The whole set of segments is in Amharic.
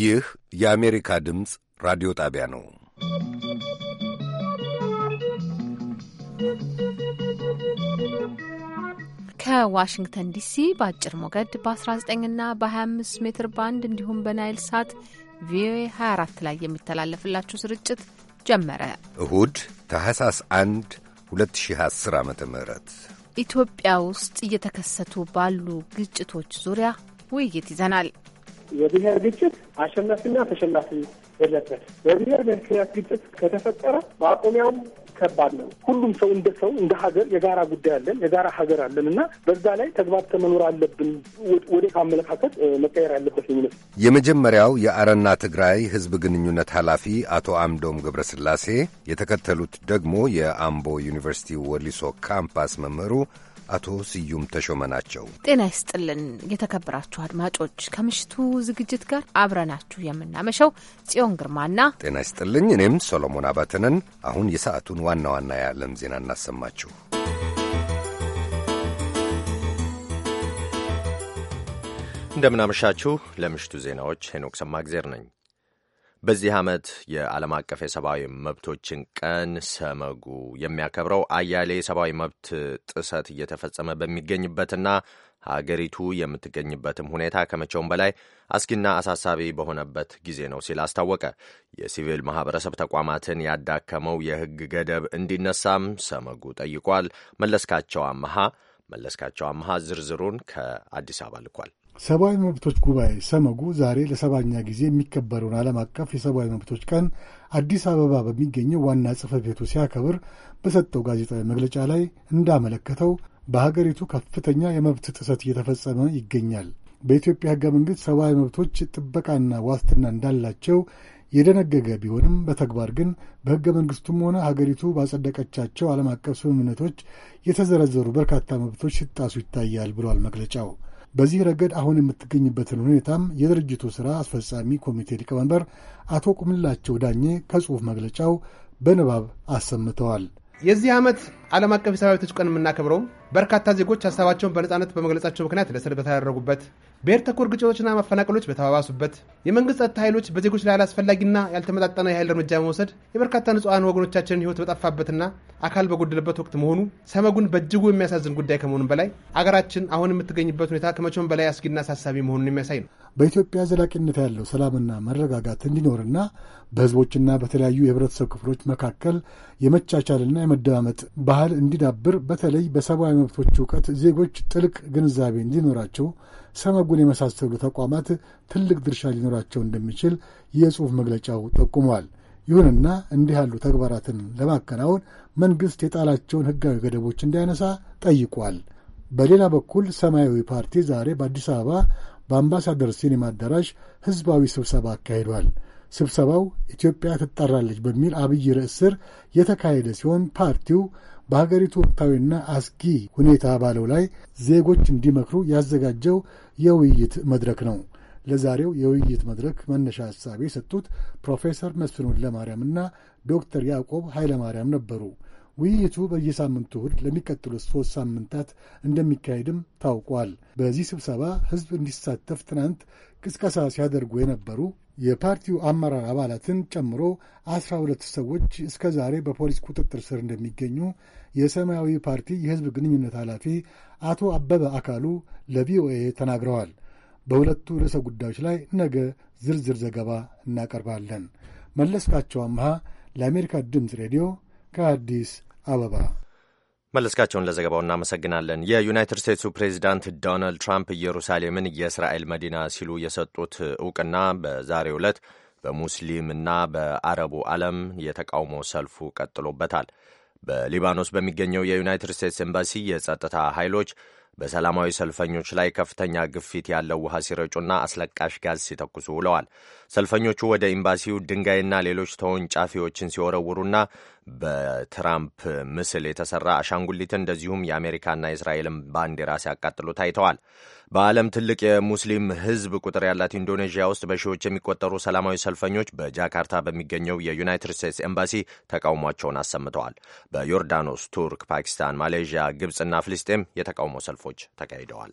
ይህ የአሜሪካ ድምፅ ራዲዮ ጣቢያ ነው። ከዋሽንግተን ዲሲ በአጭር ሞገድ በ19 እና በ25 ሜትር ባንድ እንዲሁም በናይል ሳት ቪኦኤ 24 ላይ የሚተላለፍላችሁ ስርጭት ጀመረ። እሁድ ታህሳስ 1 2010 ዓ ም ኢትዮጵያ ውስጥ እየተከሰቱ ባሉ ግጭቶች ዙሪያ ውይይት ይዘናል። የብሔር ግጭት አሸናፊና ተሸናፊ የለበት። በብሔር ምክንያት ግጭት ከተፈጠረ ማቆሚያውም ከባድ ነው። ሁሉም ሰው እንደ ሰው እንደ ሀገር የጋራ ጉዳይ አለን፣ የጋራ ሀገር አለን እና በዛ ላይ ተግባብተን መኖር አለብን። ወደ አመለካከት መቀየር ያለበት ይመስል የመጀመሪያው የአረና ትግራይ ህዝብ ግንኙነት ኃላፊ አቶ አምዶም ገብረስላሴ የተከተሉት ደግሞ የአምቦ ዩኒቨርሲቲ ወሊሶ ካምፓስ መምህሩ አቶ ስዩም ተሾመ ናቸው። ጤና ይስጥልን የተከበራችሁ አድማጮች፣ ከምሽቱ ዝግጅት ጋር አብረናችሁ የምናመሸው ጽዮን ግርማና ጤና ይስጥልኝ እኔም ሶሎሞን አባተንን። አሁን የሰዓቱን ዋና ዋና የዓለም ዜና እናሰማችሁ። እንደምናመሻችሁ። ለምሽቱ ዜናዎች ሄኖክ ሰማግዜር ነኝ። በዚህ ዓመት የዓለም አቀፍ የሰብአዊ መብቶችን ቀን ሰመጉ የሚያከብረው አያሌ የሰብአዊ መብት ጥሰት እየተፈጸመ በሚገኝበትና ሀገሪቱ የምትገኝበትም ሁኔታ ከመቼውም በላይ አስጊና አሳሳቢ በሆነበት ጊዜ ነው ሲል አስታወቀ። የሲቪል ማህበረሰብ ተቋማትን ያዳከመው የሕግ ገደብ እንዲነሳም ሰመጉ ጠይቋል። መለስካቸው አመሃ መለስካቸው አመሃ ዝርዝሩን ከአዲስ አበባ ልኳል። ሰብአዊ መብቶች ጉባኤ ሰመጉ ዛሬ ለሰባኛ ጊዜ የሚከበረውን ዓለም አቀፍ የሰብአዊ መብቶች ቀን አዲስ አበባ በሚገኘው ዋና ጽፈት ቤቱ ሲያከብር በሰጠው ጋዜጣዊ መግለጫ ላይ እንዳመለከተው በሀገሪቱ ከፍተኛ የመብት ጥሰት እየተፈጸመ ይገኛል። በኢትዮጵያ ሕገ መንግሥት ሰብአዊ መብቶች ጥበቃና ዋስትና እንዳላቸው የደነገገ ቢሆንም በተግባር ግን በሕገ መንግሥቱም ሆነ ሀገሪቱ ባጸደቀቻቸው ዓለም አቀፍ ስምምነቶች የተዘረዘሩ በርካታ መብቶች ሲጣሱ ይታያል ብሏል መግለጫው። በዚህ ረገድ አሁን የምትገኝበትን ሁኔታም የድርጅቱ ሥራ አስፈጻሚ ኮሚቴ ሊቀመንበር አቶ ቁምላቸው ዳኜ ከጽሑፍ መግለጫው በንባብ አሰምተዋል። የዚህ ዓመት ዓለም አቀፍ የሰብአዊ መብቶች ቀን የምናከብረውም በርካታ ዜጎች ሀሳባቸውን በነፃነት በመግለጻቸው ምክንያት ለእስር በተዳረጉበት፣ ብሔር ተኮር ግጭቶችና ማፈናቀሎች በተባባሱበት፣ የመንግስት ጸጥታ ኃይሎች በዜጎች ላይ አላስፈላጊና ያልተመጣጠነ የኃይል እርምጃ በመውሰድ የበርካታ ንጹሐን ወገኖቻችንን ህይወት በጠፋበትና አካል በጎደለበት ወቅት መሆኑ ሰመጉን በእጅጉ የሚያሳዝን ጉዳይ ከመሆኑም በላይ አገራችን አሁን የምትገኝበት ሁኔታ ከመቼውም በላይ አስጊና አሳሳቢ መሆኑን የሚያሳይ ነው። በኢትዮጵያ ዘላቂነት ያለው ሰላምና መረጋጋት እንዲኖርና በህዝቦችና በተለያዩ የህብረተሰብ ክፍሎች መካከል የመቻቻልና የመደማመጥ ባህል እንዲዳብር በተለይ በሰብአዊ መብቶች እውቀት ዜጎች ጥልቅ ግንዛቤ እንዲኖራቸው ሰመጉን የመሳሰሉ ተቋማት ትልቅ ድርሻ ሊኖራቸው እንደሚችል የጽሑፍ መግለጫው ጠቁሟል። ይሁንና እንዲህ ያሉ ተግባራትን ለማከናወን መንግሥት የጣላቸውን ሕጋዊ ገደቦች እንዲያነሳ ጠይቋል። በሌላ በኩል ሰማያዊ ፓርቲ ዛሬ በአዲስ አበባ በአምባሳደር ሲኔማ አዳራሽ ሕዝባዊ ስብሰባ አካሂዷል። ስብሰባው ኢትዮጵያ ትጠራለች በሚል አብይ ርዕስ ስር የተካሄደ ሲሆን ፓርቲው በሀገሪቱ ወቅታዊና አስጊ ሁኔታ ባለው ላይ ዜጎች እንዲመክሩ ያዘጋጀው የውይይት መድረክ ነው። ለዛሬው የውይይት መድረክ መነሻ ሐሳብ የሰጡት ፕሮፌሰር መስፍን ወልደማርያምና ዶክተር ያዕቆብ ኃይለማርያም ነበሩ። ውይይቱ በየሳምንቱ እሁድ ለሚቀጥሉት ሶስት ሳምንታት እንደሚካሄድም ታውቋል። በዚህ ስብሰባ ሕዝብ እንዲሳተፍ ትናንት ቅስቀሳ ሲያደርጉ የነበሩ የፓርቲው አመራር አባላትን ጨምሮ አስራ ሁለት ሰዎች እስከ ዛሬ በፖሊስ ቁጥጥር ስር እንደሚገኙ የሰማያዊ ፓርቲ የህዝብ ግንኙነት ኃላፊ አቶ አበበ አካሉ ለቪኦኤ ተናግረዋል። በሁለቱ ርዕሰ ጉዳዮች ላይ ነገ ዝርዝር ዘገባ እናቀርባለን። መለስካቸው አምሃ ለአሜሪካ ድምፅ ሬዲዮ ከአዲስ አበባ። መለስካቸውን ለዘገባው እናመሰግናለን። የዩናይትድ ስቴትሱ ፕሬዚዳንት ዶናልድ ትራምፕ ኢየሩሳሌምን የእስራኤል መዲና ሲሉ የሰጡት እውቅና በዛሬው ዕለት በሙስሊምና በአረቡ ዓለም የተቃውሞ ሰልፉ ቀጥሎበታል። በሊባኖስ በሚገኘው የዩናይትድ ስቴትስ ኤምባሲ የጸጥታ ኃይሎች በሰላማዊ ሰልፈኞች ላይ ከፍተኛ ግፊት ያለው ውሃ ሲረጩና አስለቃሽ ጋዝ ሲተኩሱ ውለዋል። ሰልፈኞቹ ወደ ኤምባሲው ድንጋይና ሌሎች ተወንጫፊዎችን ሲወረውሩና በትራምፕ ምስል የተሰራ አሻንጉሊት እንደዚሁም የአሜሪካና የእስራኤልን ባንዲራ ሲያቃጥሉ ታይተዋል። በዓለም ትልቅ የሙስሊም ሕዝብ ቁጥር ያላት ኢንዶኔዥያ ውስጥ በሺዎች የሚቆጠሩ ሰላማዊ ሰልፈኞች በጃካርታ በሚገኘው የዩናይትድ ስቴትስ ኤምባሲ ተቃውሟቸውን አሰምተዋል። በዮርዳኖስ፣ ቱርክ፣ ፓኪስታን፣ ማሌዥያ፣ ግብፅና ፍልስጤም የተቃውሞ ሰልፎች ተካሂደዋል።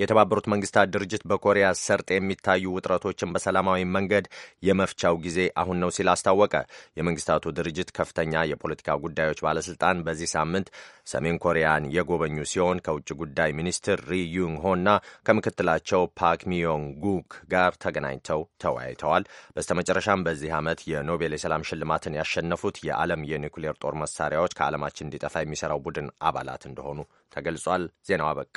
የተባበሩት መንግስታት ድርጅት በኮሪያ ሰርጥ የሚታዩ ውጥረቶችን በሰላማዊ መንገድ የመፍቻው ጊዜ አሁን ነው ሲል አስታወቀ። የመንግስታቱ ድርጅት ከፍተኛ የፖለቲካ ጉዳዮች ባለስልጣን በዚህ ሳምንት ሰሜን ኮሪያን የጎበኙ ሲሆን ከውጭ ጉዳይ ሚኒስትር ሪዩንግ ሆና ከምክትላቸው ፓክ ሚዮንግ ጉክ ጋር ተገናኝተው ተወያይተዋል። በስተመጨረሻም በዚህ ዓመት የኖቤል የሰላም ሽልማትን ያሸነፉት የዓለም የኒውክሌር ጦር መሳሪያዎች ከዓለማችን እንዲጠፋ የሚሰራው ቡድን አባላት እንደሆኑ ተገልጿል። ዜናው አበቃ።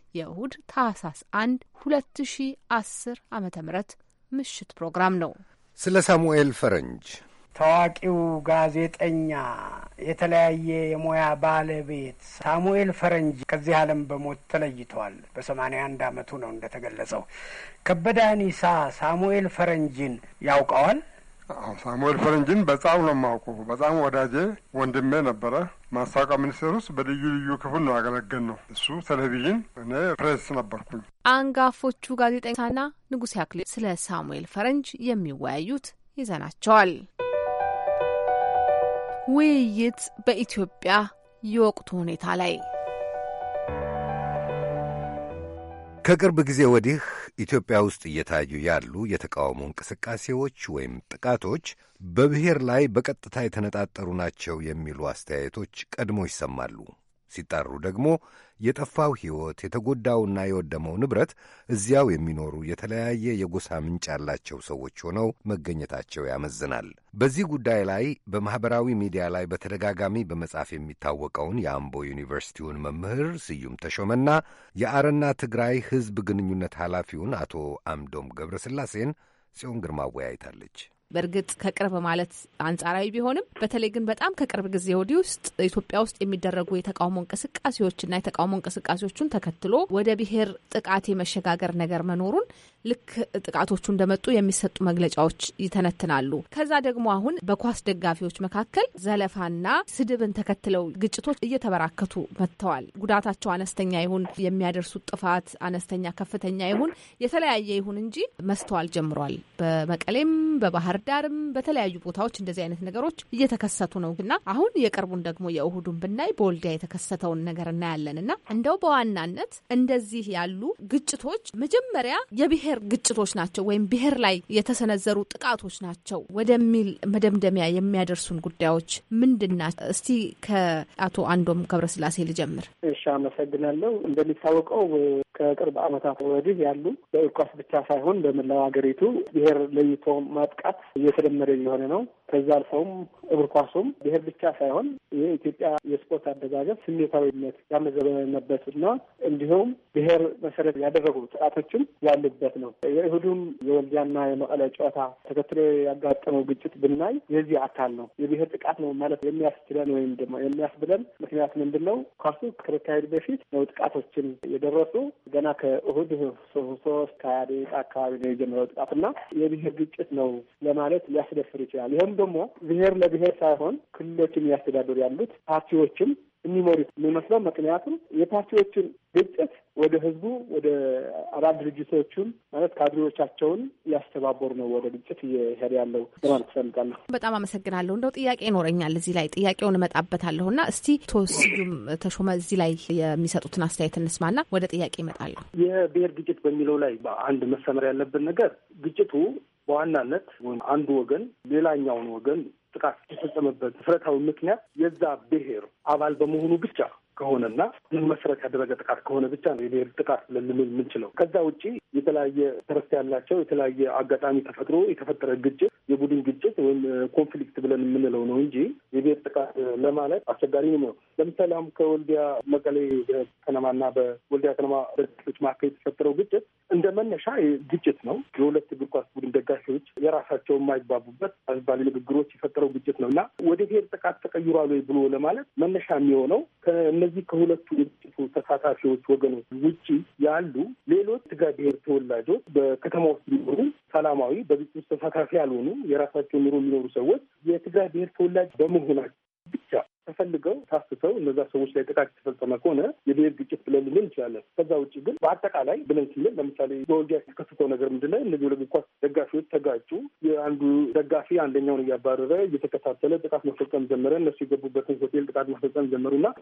የእሁድ ታህሳስ አንድ ሁለት ሺ አስር ዓመተ ምሽት ፕሮግራም ነው። ስለ ሳሙኤል ፈረንጅ ታዋቂው ጋዜጠኛ የተለያየ የሙያ ባለቤት ሳሙኤል ፈረንጅ ከዚህ ዓለም በሞት ተለይተዋል። በ አንድ አመቱ ነው እንደተገለጸው። ከበደ አኒሳ ሳሙኤል ፈረንጅን ያውቀዋል? ሳሙኤል ፈረንጅን በጣም ነው የማውቀው። በጣም ወዳጄ ወንድሜ ነበረ። ማስታወቂያ ሚኒስቴር ውስጥ በልዩ ልዩ ክፍል ነው ያገለገል ነው እሱ ቴሌቪዥን፣ እኔ ፕሬስ ነበርኩኝ። አንጋፎቹ ጋዜጠኛና ንጉሴ አክሊሉ ስለ ሳሙኤል ፈረንጅ የሚወያዩት ይዘናቸዋል። ውይይት በኢትዮጵያ የወቅቱ ሁኔታ ላይ ከቅርብ ጊዜ ወዲህ ኢትዮጵያ ውስጥ እየታዩ ያሉ የተቃውሞ እንቅስቃሴዎች ወይም ጥቃቶች በብሔር ላይ በቀጥታ የተነጣጠሩ ናቸው የሚሉ አስተያየቶች ቀድሞ ይሰማሉ። ሲጣሩ ደግሞ የጠፋው ሕይወት የተጎዳውና የወደመው ንብረት እዚያው የሚኖሩ የተለያየ የጎሳ ምንጭ ያላቸው ሰዎች ሆነው መገኘታቸው ያመዝናል። በዚህ ጉዳይ ላይ በማኅበራዊ ሚዲያ ላይ በተደጋጋሚ በመጻፍ የሚታወቀውን የአምቦ ዩኒቨርሲቲውን መምህር ስዩም ተሾመና የአረና ትግራይ ሕዝብ ግንኙነት ኃላፊውን አቶ አምዶም ገብረስላሴን ጽዮን ግርማ አወያይታለች። በእርግጥ ከቅርብ ማለት አንጻራዊ ቢሆንም በተለይ ግን በጣም ከቅርብ ጊዜ ወዲህ ውስጥ ኢትዮጵያ ውስጥ የሚደረጉ የተቃውሞ እንቅስቃሴዎችና የተቃውሞ እንቅስቃሴዎቹን ተከትሎ ወደ ብሔር ጥቃት የመሸጋገር ነገር መኖሩን ልክ ጥቃቶቹ እንደመጡ የሚሰጡ መግለጫዎች ይተነትናሉ። ከዛ ደግሞ አሁን በኳስ ደጋፊዎች መካከል ዘለፋና ስድብን ተከትለው ግጭቶች እየተበራከቱ መጥተዋል። ጉዳታቸው አነስተኛ ይሁን የሚያደርሱት ጥፋት አነስተኛ ከፍተኛ ይሁን የተለያየ ይሁን እንጂ መስተዋል ጀምሯል። በመቀሌም በባህር ዳርም በተለያዩ ቦታዎች እንደዚህ አይነት ነገሮች እየተከሰቱ ነው ግና አሁን የቅርቡን ደግሞ የእሁዱን ብናይ በወልዲያ የተከሰተውን ነገር እናያለን እና እንደው በዋናነት እንደዚህ ያሉ ግጭቶች መጀመሪያ የብሔር ግጭቶች ናቸው ወይም ብሔር ላይ የተሰነዘሩ ጥቃቶች ናቸው ወደሚል መደምደሚያ የሚያደርሱን ጉዳዮች ምንድን ናቸው? እስቲ ከአቶ አንዶም ገብረስላሴ ልጀምር። እሺ፣ አመሰግናለሁ። እንደሚታወቀው ከቅርብ ዓመታት ወዲህ ያሉ ኳስ ብቻ ሳይሆን በመላው ሀገሪቱ ብሔር ለይቶ ማጥቃት እየተለመደ እየሆነ ነው። ከዛ አልፈውም እግር ኳሱም ብሄር ብቻ ሳይሆን የኢትዮጵያ የስፖርት አደጋገብ ስሜታዊነት ያመዘበነበት እና እንዲሁም ብሄር መሰረት ያደረጉ ጥቃቶችም ያሉበት ነው። የእሁዱም የወልዲያና የመቀለ ጨዋታ ተከትሎ ያጋጠመው ግጭት ብናይ የዚህ አካል ነው። የብሄር ጥቃት ነው ማለት የሚያስችለን ወይም ደግሞ የሚያስብለን ምክንያት ምንድን ነው? ኳሱ ከተካሄዱ በፊት ነው ጥቃቶችን የደረሱ ገና ከእሁድ ሶስት ከሀያ ደቂቃ አካባቢ ነው የጀመረው ጥቃት እና የብሄር ግጭት ነው ለማለት ሊያስደፍር ይችላል። ይህም ደግሞ ብሔር ለብሔር ሳይሆን ክልሎችን እያስተዳደሩ ያሉት ፓርቲዎችም የሚመሩት የሚመስለው ምክንያቱም የፓርቲዎችን ግጭት ወደ ህዝቡ ወደ አባል ድርጅቶቹን ማለት ካድሬዎቻቸውን እያስተባበሩ ነው ወደ ግጭት እየሄደ ያለው ለማለት ትፈልጋለሁ። በጣም አመሰግናለሁ። እንደው ጥያቄ ይኖረኛል እዚህ ላይ ጥያቄውን እመጣበታለሁ እና እስቲ ተወስዩም ተሾመ እዚህ ላይ የሚሰጡትን አስተያየት እንስማና ወደ ጥያቄ ይመጣለሁ። የብሔር ግጭት በሚለው ላይ በአንድ መሰመር ያለብን ነገር ግጭቱ በዋናነት ወይም አንዱ ወገን ሌላኛውን ወገን ጥቃት የተፈጸመበት መሰረታዊ ምክንያት የዛ ብሔር አባል በመሆኑ ብቻ ከሆነ ምን መሰረት ያደረገ ጥቃት ከሆነ ብቻ ነው የብሔር ጥቃት ልንል የምንችለው። ከዛ ውጭ የተለያየ ተረስት ያላቸው የተለያየ አጋጣሚ ተፈጥሮ የተፈጠረ ግጭት፣ የቡድን ግጭት ወይም ኮንፍሊክት ብለን የምንለው ነው እንጂ የብሔር ጥቃት ለማለት አስቸጋሪ ነው። ለምሳሌ አሁን ከወልዲያ መቀሌ ከነማና በወልዲያ ከነማ ደጋፊዎች መካከል የተፈጠረው ግጭት እንደ መነሻ ግጭት ነው። የሁለት እግር ኳስ ቡድን ደጋፊዎች የራሳቸው የማይግባቡበት አዝባሌ ንግግሮች የፈጠረው ግጭት ነው እና ወደ ብሔር ጥቃት ተቀይሯል ወይ ብሎ ለማለት መነሻ የሚሆነው ከነ ከእነዚህ ከሁለቱ ግጭቱ ተሳታፊዎች ወገኖች ውጭ ያሉ ሌሎች ትግራይ ብሔር ተወላጆች በከተማ ውስጥ ሊኖሩ ሰላማዊ በግጭቱ ተሳታፊ ያልሆኑ የራሳቸው ኑሮ የሚኖሩ ሰዎች የትግራይ ብሔር ተወላጅ በመሆናቸው ብቻ ተፈልገው ታስሰው እነዛ ሰዎች ላይ ጥቃት የተፈጸመ ከሆነ የብሄር ግጭት ብለን ልንል እንችላለን። ከዛ ውጭ ግን በአጠቃላይ ብለን ስንል ለምሳሌ በወጊያ የተከሰተው ነገር ምንድን ነው? እነዚህ ሁለት ኳስ ደጋፊዎች ተጋጩ። የአንዱ ደጋፊ አንደኛውን እያባረረ እየተከታተለ ጥቃት መፈጸም ጀመረ። እነሱ የገቡበትን ሆቴል ጥቃት መፈጸም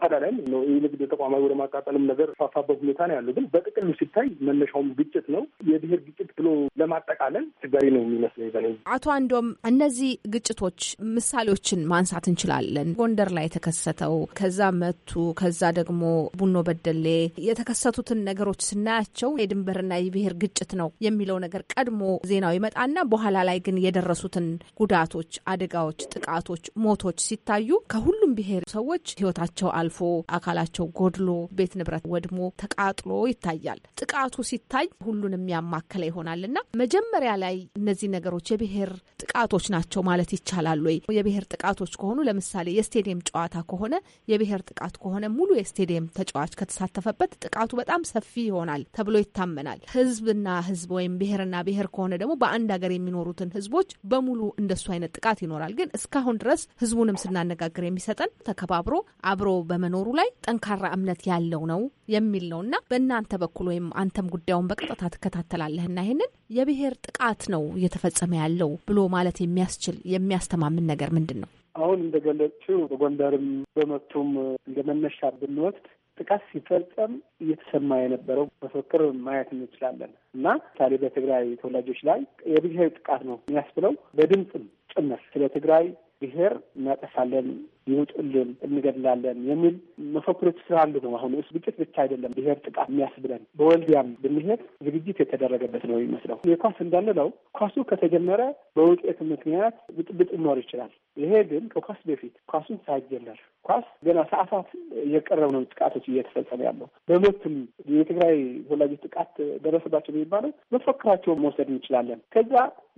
ታዳላይም አዳላይም የንግድ ተቋማዊ ወደ ማቃጠልም ነገር ፋፋበት ሁኔታ ነው ያሉ። ግን በጥቅሉ ሲታይ መነሻውም ግጭት ነው። የብሄር ግጭት ብሎ ለማጠቃለል አስቸጋሪ ነው የሚመስለኝ። አቶ አንዶም እነዚህ ግጭቶች ምሳሌዎችን ማንሳት እንችላለን። ጎንደር ላይ የተከሰተው፣ ከዛ መቱ፣ ከዛ ደግሞ ቡኖ በደሌ የተከሰቱትን ነገሮች ስናያቸው የድንበርና የብሔር ግጭት ነው የሚለው ነገር ቀድሞ ዜናው ይመጣና በኋላ ላይ ግን የደረሱትን ጉዳቶች፣ አደጋዎች፣ ጥቃቶች፣ ሞቶች ሲታዩ ከሁሉም የሁሉም ብሔር ሰዎች ህይወታቸው አልፎ አካላቸው ጎድሎ ቤት ንብረት ወድሞ ተቃጥሎ ይታያል። ጥቃቱ ሲታይ ሁሉን የሚያማከለ ይሆናል እና መጀመሪያ ላይ እነዚህ ነገሮች የብሔር ጥቃቶች ናቸው ማለት ይቻላል ወይ? የብሔር ጥቃቶች ከሆኑ ለምሳሌ የስቴዲየም ጨዋታ ከሆነ የብሔር ጥቃት ከሆነ ሙሉ የስቴዲየም ተጫዋች ከተሳተፈበት ጥቃቱ በጣም ሰፊ ይሆናል ተብሎ ይታመናል። ህዝብና ህዝብ ወይም ብሔርና ብሔር ከሆነ ደግሞ በአንድ ሀገር የሚኖሩትን ህዝቦች በሙሉ እንደሱ አይነት ጥቃት ይኖራል። ግን እስካሁን ድረስ ህዝቡንም ስናነጋግር የሚሰጠን ግን ተከባብሮ አብሮ በመኖሩ ላይ ጠንካራ እምነት ያለው ነው የሚል ነው እና በእናንተ በኩል ወይም አንተም ጉዳዩን በቀጥታ ትከታተላለህና ይህንን የብሔር ጥቃት ነው እየተፈጸመ ያለው ብሎ ማለት የሚያስችል የሚያስተማምን ነገር ምንድን ነው? አሁን እንደገለጽሽው በጎንደርም በመቱም እንደ መነሻ ብንወስድ ጥቃት ሲፈጸም እየተሰማ የነበረው መፈክር ማየት እንችላለን እና ምሳሌ በትግራይ ተወላጆች ላይ የብሔር ጥቃት ነው የሚያስብለው በድምፅም ጭምር ስለ ትግራይ ብሔር እናጠፋለን፣ ይውጡልን፣ እንገድላለን የሚል መፈክሮች ስላሉ ነው። አሁን እሱ ግጭት ብቻ አይደለም ብሔር ጥቃት የሚያስብለን። በወልዲያም ብንሄድ ዝግጅት የተደረገበት ነው የሚመስለው። የኳስ እንዳንለው ኳሱ ከተጀመረ በውጤት ምክንያት ብጥብጥ ሊኖር ይችላል። ይሄ ግን ከኳስ በፊት ኳሱን ሳይጀመር ኳስ ገና ሰዓታት እየቀረብ ነው ጥቃቶች እየተፈጸመ ያለው። በሞትም የትግራይ ወላጆች ጥቃት ደረሰባቸው የሚባለው መፈክራቸውን መውሰድ እንችላለን። ከዛ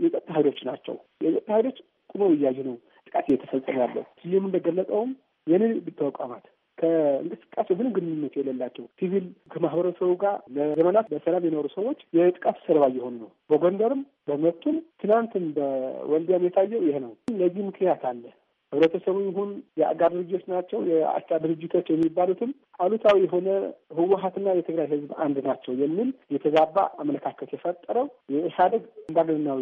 የጸጥታ ኃይሎች ናቸው። የጸጥታ ኃይሎች ቁመው እያዩ ነው ጥቃት እየተፈጸመ ያለው። ስዩም እንደገለጸውም የንግድ ተቋማት ከእንቅስቃሴ ምንም ግንኙነት የሌላቸው ሲቪል ከማህበረሰቡ ጋር ለዘመናት በሰላም የኖሩ ሰዎች የጥቃት ሰለባ እየሆኑ ነው። በጎንደርም በመቱም ትናንትም በወልዲያም የታየው ይሄ ነው። ለዚህ ምክንያት አለ ህብረተሰቡ ይሁን የአጋር ድርጅቶች ናቸው የአቻ ድርጅቶች የሚባሉትም አሉታዊ የሆነ ህወሀትና የትግራይ ህዝብ አንድ ናቸው የሚል የተዛባ አመለካከት የፈጠረው የኢህአዴግ አምባገነናዊ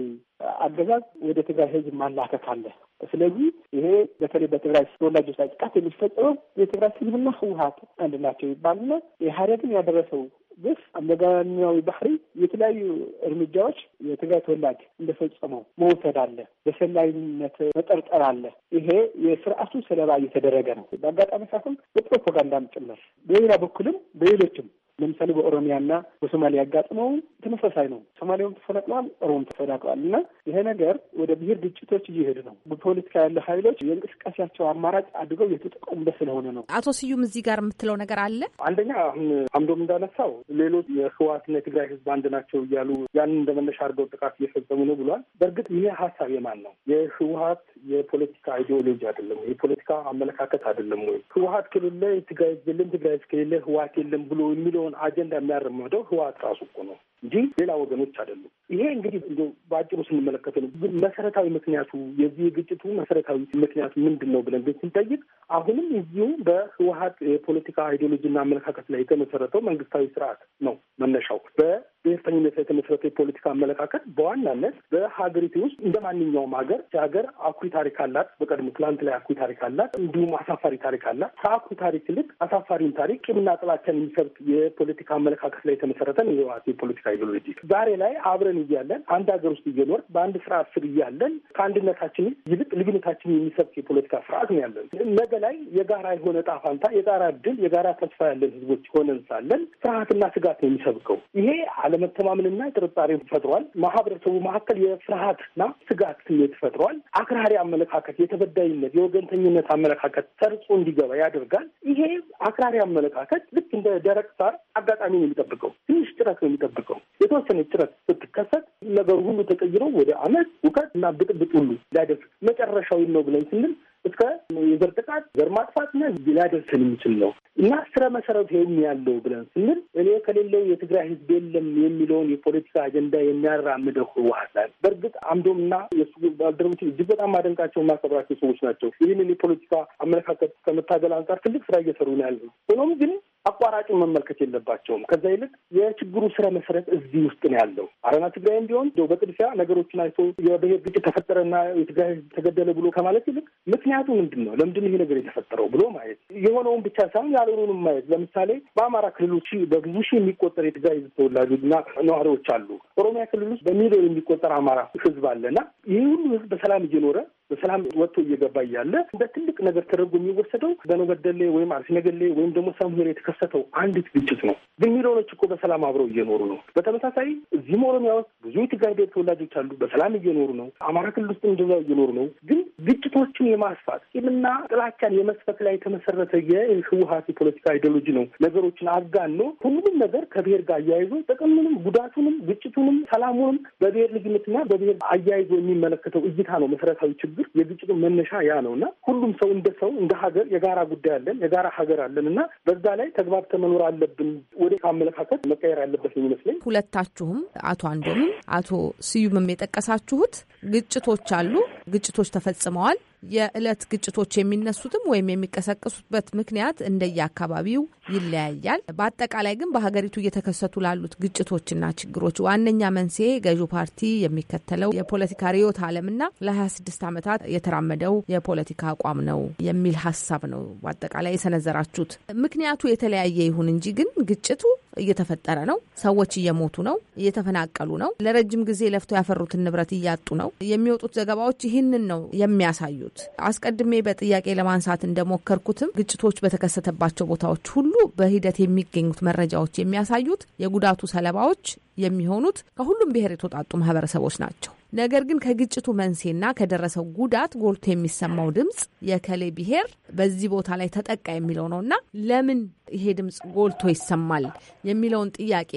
አገዛዝ ወደ ትግራይ ህዝብ ማላከት አለ። ስለዚህ ይሄ በተለይ በትግራይ ተወላጆች ላይ ጥቃት የሚፈጸመው የትግራይ ህዝብና ህወሀት አንድ ናቸው ይባልና ኢህአደግን ያደረሰው ግፍ አመጋኛዊ ባህሪ የተለያዩ እርምጃዎች የትግራይ ተወላጅ እንደፈጸመው መውሰድ አለ፣ በሰላይነት መጠርጠር አለ። ይሄ የስርዓቱ ሰለባ እየተደረገ ነው። በአጋጣሚ ሳይሆን በፕሮፓጋንዳም ጭምር በሌላ በኩልም በሌሎችም ለምሳሌ በኦሮሚያና በሶማሊያ ያጋጥመው ተመሳሳይ ነው። ሶማሌውም ተፈናቅለዋል፣ ኦሮሞም ተፈናቅለዋል። እና ይሄ ነገር ወደ ብሔር ግጭቶች እየሄዱ ነው። በፖለቲካ ያለ ኃይሎች የእንቅስቃሴያቸው አማራጭ አድገው የተጠቀሙበት ስለሆነ ነው። አቶ ስዩም እዚህ ጋር የምትለው ነገር አለ። አንደኛ አሁን አምዶም እንዳነሳው ሌሎች የህወሓትና የትግራይ ህዝብ አንድ ናቸው እያሉ ያንን እንደመነሻ አድርገው ጥቃት እየፈጸሙ ነው ብሏል። በእርግጥ ይሄ ሀሳብ የማን ነው? የህወሓት የፖለቲካ አይዲዮሎጂ አይደለም፣ የፖለቲካ አመለካከት አይደለም ወይ ህወሓት ከሌለ ትግራይ የለም፣ ትግራይ ከሌለ ህወሓት የለም ብሎ የሚለው አጀንዳ የሚያራምደው ህወሓት ራሱ እኮ ነው። እንጂ ሌላ ወገኖች አይደሉም። ይሄ እንግዲህ እንደ በአጭሩ ስንመለከት ነው። ግን መሰረታዊ ምክንያቱ የዚህ የግጭቱ መሰረታዊ ምክንያቱ ምንድን ነው ብለን ግን ስንጠይቅ አሁንም እዚሁ በህወሀት የፖለቲካ አይዲዮሎጂና አመለካከት ላይ የተመሰረተው መንግስታዊ ስርዓት ነው መነሻው። በብሔርተኝነት ላይ የተመሰረተው የፖለቲካ አመለካከት በዋናነት በሀገሪቱ ውስጥ እንደ ማንኛውም ሀገር ሀገር አኩሪ ታሪክ አላት። በቀድሞ ትላንት ላይ አኩሪ ታሪክ አላት፣ እንዲሁም አሳፋሪ ታሪክ አላት። ከአኩሪ ታሪክ ይልቅ አሳፋሪን ታሪክ ቂምና ጥላቻን የሚሰብክ የፖለቲካ አመለካከት ላይ የተመሰረተ ነው የህወሀት የፖለቲካ ሳይኮሎጂ ዛሬ ላይ አብረን እያለን አንድ ሀገር ውስጥ እየኖር በአንድ ስርዓት ስር እያለን ከአንድነታችን ይልቅ ልዩነታችን የሚሰብክ የፖለቲካ ስርዓት ነው ያለን። ነገ ላይ የጋራ የሆነ ጣፋንታ የጋራ እድል፣ የጋራ ተስፋ ያለን ህዝቦች ሆነን ሳለን ፍርሃትና ስጋት ነው የሚሰብከው። ይሄ አለመተማመንና ጥርጣሬ ፈጥሯል። ማህበረሰቡ መካከል የፍርሃትና ስጋት ስሜት ፈጥሯል። አክራሪ አመለካከት፣ የተበዳይነት፣ የወገንተኝነት አመለካከት ሰርጾ እንዲገባ ያደርጋል። ይሄ አክራሪ አመለካከት ልክ እንደ ደረቅ ሳር አጋጣሚ ነው የሚጠብቀው። ትንሽ ጥረት ነው የሚጠብቀው። የተወሰነ ጭረት ስትከሰት ነገሩ ሁሉ ተቀይሮ ወደ አመት፣ ውከት እና ብጥብጥ ሁሉ ሊያደርስ መጨረሻዊ ነው ብለን ስንል እስከ የዘር ጥቃት ዘር ማጥፋትና ሊያደርስን የሚችል ነው እና ስረ መሰረቱ ይህም ያለው ብለን ስንል እኔ ከሌለው የትግራይ ህዝብ የለም የሚለውን የፖለቲካ አጀንዳ የሚያራምደው ህወሀት ላይ በእርግጥ አምዶምና የሱ ባልደረቦች እጅግ በጣም ማደንቃቸው የማከብራቸው ሰዎች ናቸው። ይህንን የፖለቲካ አመለካከት ከመታገል አንጻር ትልቅ ስራ እየሰሩ ነው ያለ ሆኖም ግን አቋራጩን መመልከት የለባቸውም። ከዛ ይልቅ የችግሩ ስረ መሰረት እዚህ ውስጥ ነው ያለው። አረና ትግራይም ቢሆን በጥድፊያ ነገሮችን አይቶ የብሄር ግጭት ተፈጠረና የትግራይ ህዝብ ተገደለ ብሎ ከማለት ይልቅ ምክንያቱ ምንድን ነው? ለምንድን ይሄ ነገር የተፈጠረው ብሎ ማየት የሆነውን ብቻ ሳይሆን ያልሆኑንም ማየት። ለምሳሌ በአማራ ክልሎች በብዙ ሺህ የሚቆጠር የትግራይ ህዝብ ተወላጆችና ነዋሪዎች አሉ። ኦሮሚያ ክልል ውስጥ በሚሊዮን የሚቆጠር አማራ ህዝብ አለና ይህ ሁሉ ህዝብ በሰላም እየኖረ በሰላም ወጥቶ እየገባ እያለ እንደ ትልቅ ነገር ተደርጎ የሚወሰደው በነገደሌ ወይም አርሲነገሌ ወይም ደግሞ ሳምሆን የተከሰተው አንዲት ግጭት ነው። ግን ሚሊዮኖች እኮ በሰላም አብረው እየኖሩ ነው። በተመሳሳይ እዚህም ኦሮሚያ ውስጥ ብዙ የትግራይ ብሔር ተወላጆች አሉ፣ በሰላም እየኖሩ ነው። አማራ ክልል ውስጥ እንደዛው እየኖሩ ነው። ግን ግጭቶችን የማስፋት ቂምና ጥላቻን የመስፈት ላይ የተመሰረተ የህወሀት የፖለቲካ አይዲዮሎጂ ነው። ነገሮችን አጋን ነው ሁሉም ነገር ከብሔር ጋር አያይዞ ጥቅምንም ጉዳቱንም፣ ግጭቱንም፣ ሰላሙንም በብሔር ልዩነትና በብሔር አያይዞ የሚመለከተው እይታ ነው መሰረታዊ ችግር ችግር የግጭቱ መነሻ ያ ነው እና ሁሉም ሰው እንደ ሰው እንደ ሀገር የጋራ ጉዳይ አለን፣ የጋራ ሀገር አለን እና በዛ ላይ ተግባብተ መኖር አለብን። ወደ አመለካከት መቀየር ያለበት የሚመስለኝ ሁለታችሁም አቶ አንዶምም አቶ ስዩምም የጠቀሳችሁት ግጭቶች አሉ ግጭቶች ተፈጽመዋል። የዕለት ግጭቶች የሚነሱትም ወይም የሚቀሰቀሱበት ምክንያት እንደየአካባቢው ይለያያል። በአጠቃላይ ግን በሀገሪቱ እየተከሰቱ ላሉት ግጭቶችና ችግሮች ዋነኛ መንስኤ ገዢው ፓርቲ የሚከተለው የፖለቲካ ርዕዮተ ዓለምና ለ26 ዓመታት የተራመደው የፖለቲካ አቋም ነው የሚል ሀሳብ ነው በአጠቃላይ የሰነዘራችሁት። ምክንያቱ የተለያየ ይሁን እንጂ ግን ግጭቱ እየተፈጠረ ነው። ሰዎች እየሞቱ ነው፣ እየተፈናቀሉ ነው፣ ለረጅም ጊዜ ለፍተው ያፈሩትን ንብረት እያጡ ነው። የሚወጡት ዘገባዎች ይህ ይህንን ነው የሚያሳዩት። አስቀድሜ በጥያቄ ለማንሳት እንደሞከርኩትም ግጭቶች በተከሰተባቸው ቦታዎች ሁሉ በሂደት የሚገኙት መረጃዎች የሚያሳዩት የጉዳቱ ሰለባዎች የሚሆኑት ከሁሉም ብሔር የተውጣጡ ማህበረሰቦች ናቸው። ነገር ግን ከግጭቱ መንስኤና ከደረሰው ጉዳት ጎልቶ የሚሰማው ድምፅ የከሌ ብሔር በዚህ ቦታ ላይ ተጠቃ የሚለው ነውና ለምን ይሄ ድምፅ ጎልቶ ይሰማል የሚለውን ጥያቄ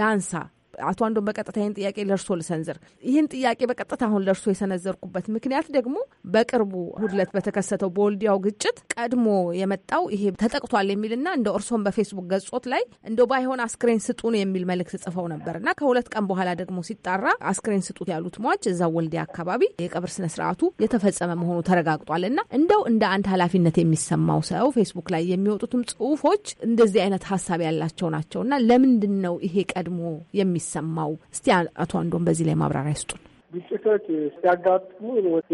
ላንሳ። አቶ አንዶን በቀጥታ ይህን ጥያቄ ለእርሶ ልሰንዝር። ይህን ጥያቄ በቀጥታ አሁን ለእርሶ የሰነዘርኩበት ምክንያት ደግሞ በቅርቡ ሁድለት በተከሰተው በወልዲያው ግጭት ቀድሞ የመጣው ይሄ ተጠቅቷል የሚልና እንደ እርሶም በፌስቡክ ገጾት ላይ እንደ ባይሆን አስክሬን ስጡን የሚል መልእክት ጽፈው ነበር እና ከሁለት ቀን በኋላ ደግሞ ሲጣራ አስክሬን ስጡት ያሉት ሟች እዛ ወልዲያ አካባቢ የቀብር ስነስርዓቱ የተፈጸመ መሆኑ ተረጋግጧል እና እንደው እንደ አንድ ኃላፊነት የሚሰማው ሰው ፌስቡክ ላይ የሚወጡትም ጽሁፎች እንደዚህ አይነት ሀሳብ ያላቸው ናቸው እና ለምንድን ነው ይሄ ቀድሞ የሚ የሚሰማው? እስቲ አቶ አንዶን በዚህ ላይ ማብራሪያ ይስጡን። ግጭቶች ሲያጋጥሙ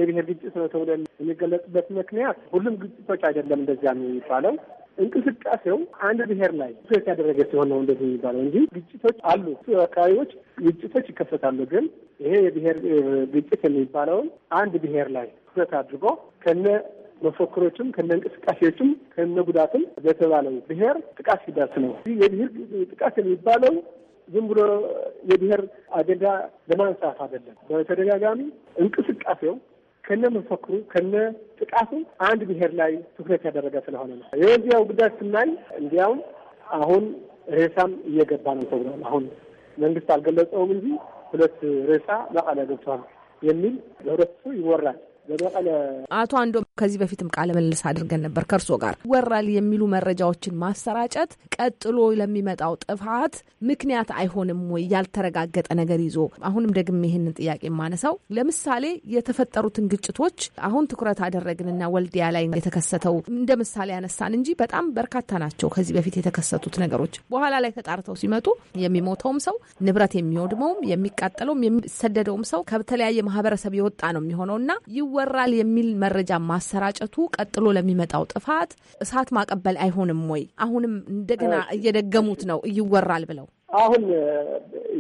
የብሔር ግጭት ነው ተብሎ የሚገለጽበት ምክንያት ሁሉም ግጭቶች አይደለም እንደዚያ የሚባለው እንቅስቃሴው አንድ ብሔር ላይ ሴት ያደረገ ሲሆን ነው እንደዚህ የሚባለው እንጂ ግጭቶች አሉ። አካባቢዎች ግጭቶች ይከሰታሉ። ግን ይሄ የብሔር ግጭት የሚባለውን አንድ ብሔር ላይ ትኩረት አድርጎ ከነ መፈክሮችም ከነ እንቅስቃሴዎችም ከነ ጉዳትም በተባለው ብሔር ጥቃት ሲደርስ ነው። የብሔር ጥቃት የሚባለው ዝም ብሎ የብሔር አጀንዳ ለማንሳት አይደለም። በተደጋጋሚ እንቅስቃሴው ከነ መፈክሩ ከነ ጥቃቱ አንድ ብሔር ላይ ትኩረት ያደረገ ስለሆነ ነው። የዚያው ጉዳይ ስናይ እንዲያውም አሁን ሬሳም እየገባ ነው ተብሏል። አሁን መንግስት አልገለጸውም እንጂ ሁለት ሬሳ መቀለ ገብቷል የሚል ለሁለቱ ይወራል። አቶ አንዶ ከዚህ በፊትም ቃለ መልስ አድርገን ነበር ከእርሶ ጋር ወራል የሚሉ መረጃዎችን ማሰራጨት ቀጥሎ ለሚመጣው ጥፋት ምክንያት አይሆንም ወይ? ያልተረጋገጠ ነገር ይዞ አሁንም ደግም ይህንን ጥያቄ የማነሳው ለምሳሌ የተፈጠሩትን ግጭቶች አሁን ትኩረት አደረግንና ወልዲያ ላይ የተከሰተው እንደ ምሳሌ ያነሳን እንጂ በጣም በርካታ ናቸው ከዚህ በፊት የተከሰቱት ነገሮች በኋላ ላይ ተጣርተው ሲመጡ የሚሞተውም ሰው ንብረት የሚወድመውም የሚቃጠለውም የሚሰደደውም ሰው ከተለያየ ማህበረሰብ የወጣ ነው የሚሆነው እና ይወራል የሚል መረጃ ማሰራጨቱ ቀጥሎ ለሚመጣው ጥፋት እሳት ማቀበል አይሆንም ወይ? አሁንም እንደገና እየደገሙት ነው ይወራል ብለው አሁን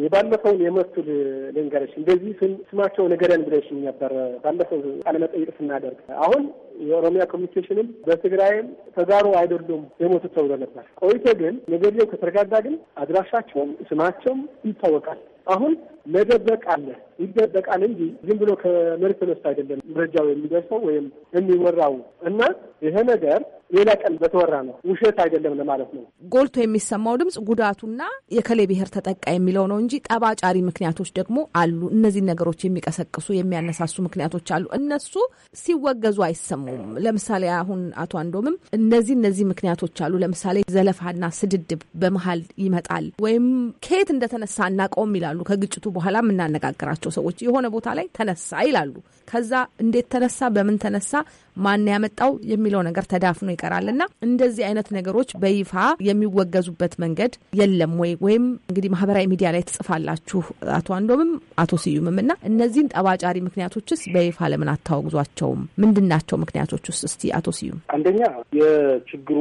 የባለፈውን የመቱል ልንገርሽ። እንደዚህ ስማቸው ንገረን ብለሽ ነበር ባለፈው ቃለመጠይቅ ስናደርግ። አሁን የኦሮሚያ ኮሚኒኬሽንም በትግራይም ተጋሩ አይደሉም የሞቱት ተብሎ ነበር። ቆይቶ ግን ነገርየው ከተረጋጋ ግን አድራሻቸውም ስማቸውም ይታወቃል። አሁን መደበቅ አለ ይደበቃል እንጂ ዝም ብሎ ከመሬት ተነስቶ አይደለም መረጃው የሚደርሰው ወይም የሚወራው እና ይሄ ነገር ሌላ ቀን በተወራ ነው ውሸት አይደለም ለማለት ነው። ጎልቶ የሚሰማው ድምፅ ጉዳቱና የከሌ ብሔር ተጠቃ የሚለው ነው እንጂ ጠባጫሪ ምክንያቶች ደግሞ አሉ። እነዚህ ነገሮች የሚቀሰቅሱ የሚያነሳሱ ምክንያቶች አሉ። እነሱ ሲወገዙ አይሰሙም። ለምሳሌ አሁን አቶ አንዶምም እነዚህ እነዚህ ምክንያቶች አሉ። ለምሳሌ ዘለፋና ስድድብ በመሀል ይመጣል ወይም ከየት እንደተነሳ አናውቀውም ይላሉ። ከግጭቱ በኋላ የምናነጋግራቸው ሰዎች የሆነ ቦታ ላይ ተነሳ ይላሉ። ከዛ እንዴት ተነሳ፣ በምን ተነሳ፣ ማን ያመጣው የሚለው ነገር ተዳፍኖ ይቀራል እና እንደዚህ አይነት ነገሮች በይፋ የሚወገዙበት መንገድ የለም ወይ? ወይም እንግዲህ ማህበራዊ ሚዲያ ላይ ትጽፋላችሁ አቶ አንዶምም አቶ ስዩምም እና እነዚህን ጠባጫሪ ምክንያቶችስ በይፋ ለምን አታወግዟቸውም? ምንድን ናቸው ውስጥ እስቲ አቶ ስዩም። አንደኛ የችግሩ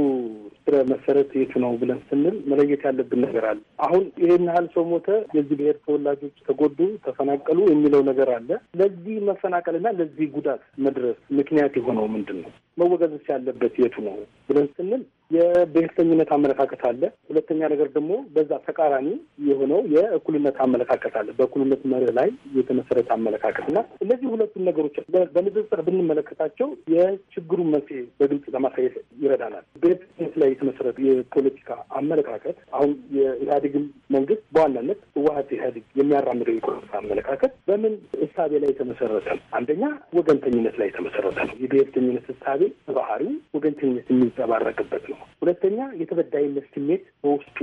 ስረ መሰረት የቱ ነው ብለን ስንል መለየት ያለብን ነገር አለ። አሁን ይህን ያህል ሰው ሞተ፣ የዚህ ብሔር ተወላጆች ተጎዱ፣ ተፈናቀሉ የሚለው ነገር አለ። ለዚህ መፈናቀልና ለዚህ ጉዳት መድረስ ምክንያት የሆነው ነው ምንድን ነው መወገዘት ያለበት የቱ ነው ብለን ስንል የብሔርተኝነት አመለካከት አለ። ሁለተኛ ነገር ደግሞ በዛ ተቃራኒ የሆነው የእኩልነት አመለካከት አለ። በእኩልነት መርህ ላይ የተመሰረተ አመለካከት እና እነዚህ ሁለቱን ነገሮች በንጽጽር ብንመለከታቸው የችግሩን መንስኤ በግልጽ ለማሳየት ይረዳናል። ብሔርተኝነት ላይ የተመሰረተ የፖለቲካ አመለካከት አሁን የኢህአዴግን መንግስት በዋናነት ህወሀት ኢህአዴግ የሚያራምደው የፖለቲካ አመለካከት በምን እሳቤ ላይ የተመሰረተ ነው? አንደኛ ወገንተኝነት ላይ የተመሰረተ ነው። የብሔርተኝነት እሳቤ ባህሪ ወገንተኝነት የሚንጸባረቅበት ነው። ነው። ሁለተኛ የተበዳይነት ስሜት በውስጡ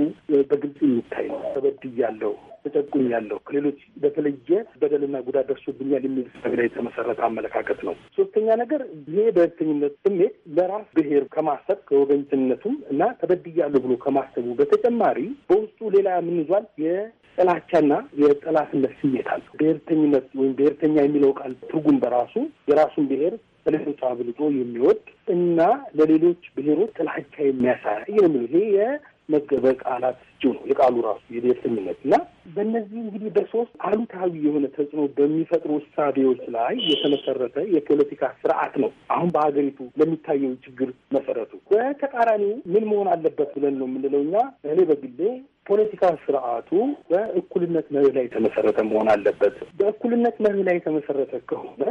በግልጽ የሚታይ ነው። ተበድያለሁ፣ ተጨቁኛለሁ፣ ከሌሎች በተለየ በደልና ጉዳት ደርሶብኛል የሚል ሳቢ ላይ የተመሰረተ አመለካከት ነው። ሶስተኛ ነገር ይሄ በእልተኝነት ስሜት ለራስ ብሔር ከማሰብ ከወገኝትነቱም እና ተበድያለሁ ብሎ ከማሰቡ በተጨማሪ በውስጡ ሌላ ምን ይዟል? የጥላቻና የጠላትነት ስሜት አለ። ብሔርተኝነት ወይም ብሔርተኛ የሚለው ቃል ትርጉም በራሱ የራሱን ብሔር ለሌሎች አብልጦ የሚወድ እና ለሌሎች ብሔሮች ጥላቻ የሚያሳይ ይህ ነው ይሄ የመገበ ቃላት እጅው ነው የቃሉ ራሱ የደርስምነት እና በእነዚህ እንግዲህ በሶስት አሉታዊ የሆነ ተጽዕኖ በሚፈጥሩ እሳቤዎች ላይ የተመሰረተ የፖለቲካ ስርዓት ነው አሁን በሀገሪቱ ለሚታየው ችግር መሰረቱ። በተቃራኒው ምን መሆን አለበት ብለን ነው የምንለው እኛ እኔ በግሌ ፖለቲካ ስርዓቱ በእኩልነት መርህ ላይ የተመሰረተ መሆን አለበት። በእኩልነት መርህ ላይ የተመሰረተ ከሆነ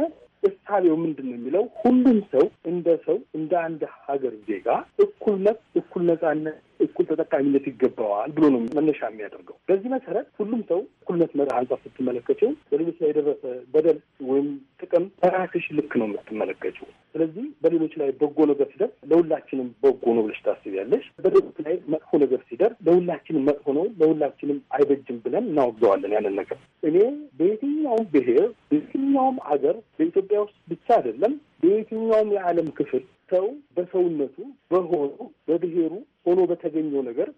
እሳቤው ምንድን ነው የሚለው ሁሉም ሰው እንደ ሰው እንደ አንድ ሀገር ዜጋ እኩልነት፣ እኩል ነጻነት፣ እኩል ተጠቃሚነት ይገባዋል ብሎ ነው መነሻ የሚያደርገው። በዚህ መሰረት ሁሉም ሰው እኩልነት መርህ አንጻር ስትመለከችው በሌሎች ላይ የደረሰ በደል ወይም ጥቅም በራስሽ ልክ ነው የምትመለከችው። ስለዚህ በሌሎች ላይ በጎ ነገር ሲደርስ ለሁላችንም በጎ ነው ብለሽ ታስቢያለሽ። በሌሎች ላይ መጥፎ ነገር ሲደርስ ለሁላችንም መጥፎ ነው፣ ለሁላችንም አይበጅም ብለን እናወግዘዋለን ያንን ነገር እኔ በየትኛውም ብሔር፣ በየትኛውም አገር በኢትዮጵያ ውስጥ ብቻ አይደለም፣ በየትኛውም የዓለም ክፍል ሰው በሰውነቱ በሆኑ በብሔሩ ሆኖ በተገኘው ነገር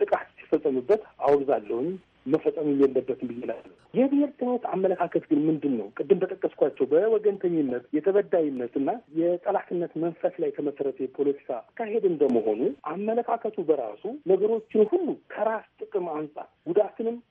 ጥቃት ሲፈጸምበት አወግዛለሁኝ። መፈጸም የለበትም ብይላለ። የብሔርተኝነት አመለካከት ግን ምንድን ነው? ቅድም በጠቀስኳቸው በወገንተኝነት የተበዳይነት እና የጠላትነት መንፈስ ላይ የተመሰረተ የፖለቲካ አካሄድ እንደመሆኑ አመለካከቱ በራሱ ነገሮችን ሁሉ ከራስ ጥቅም አንጻር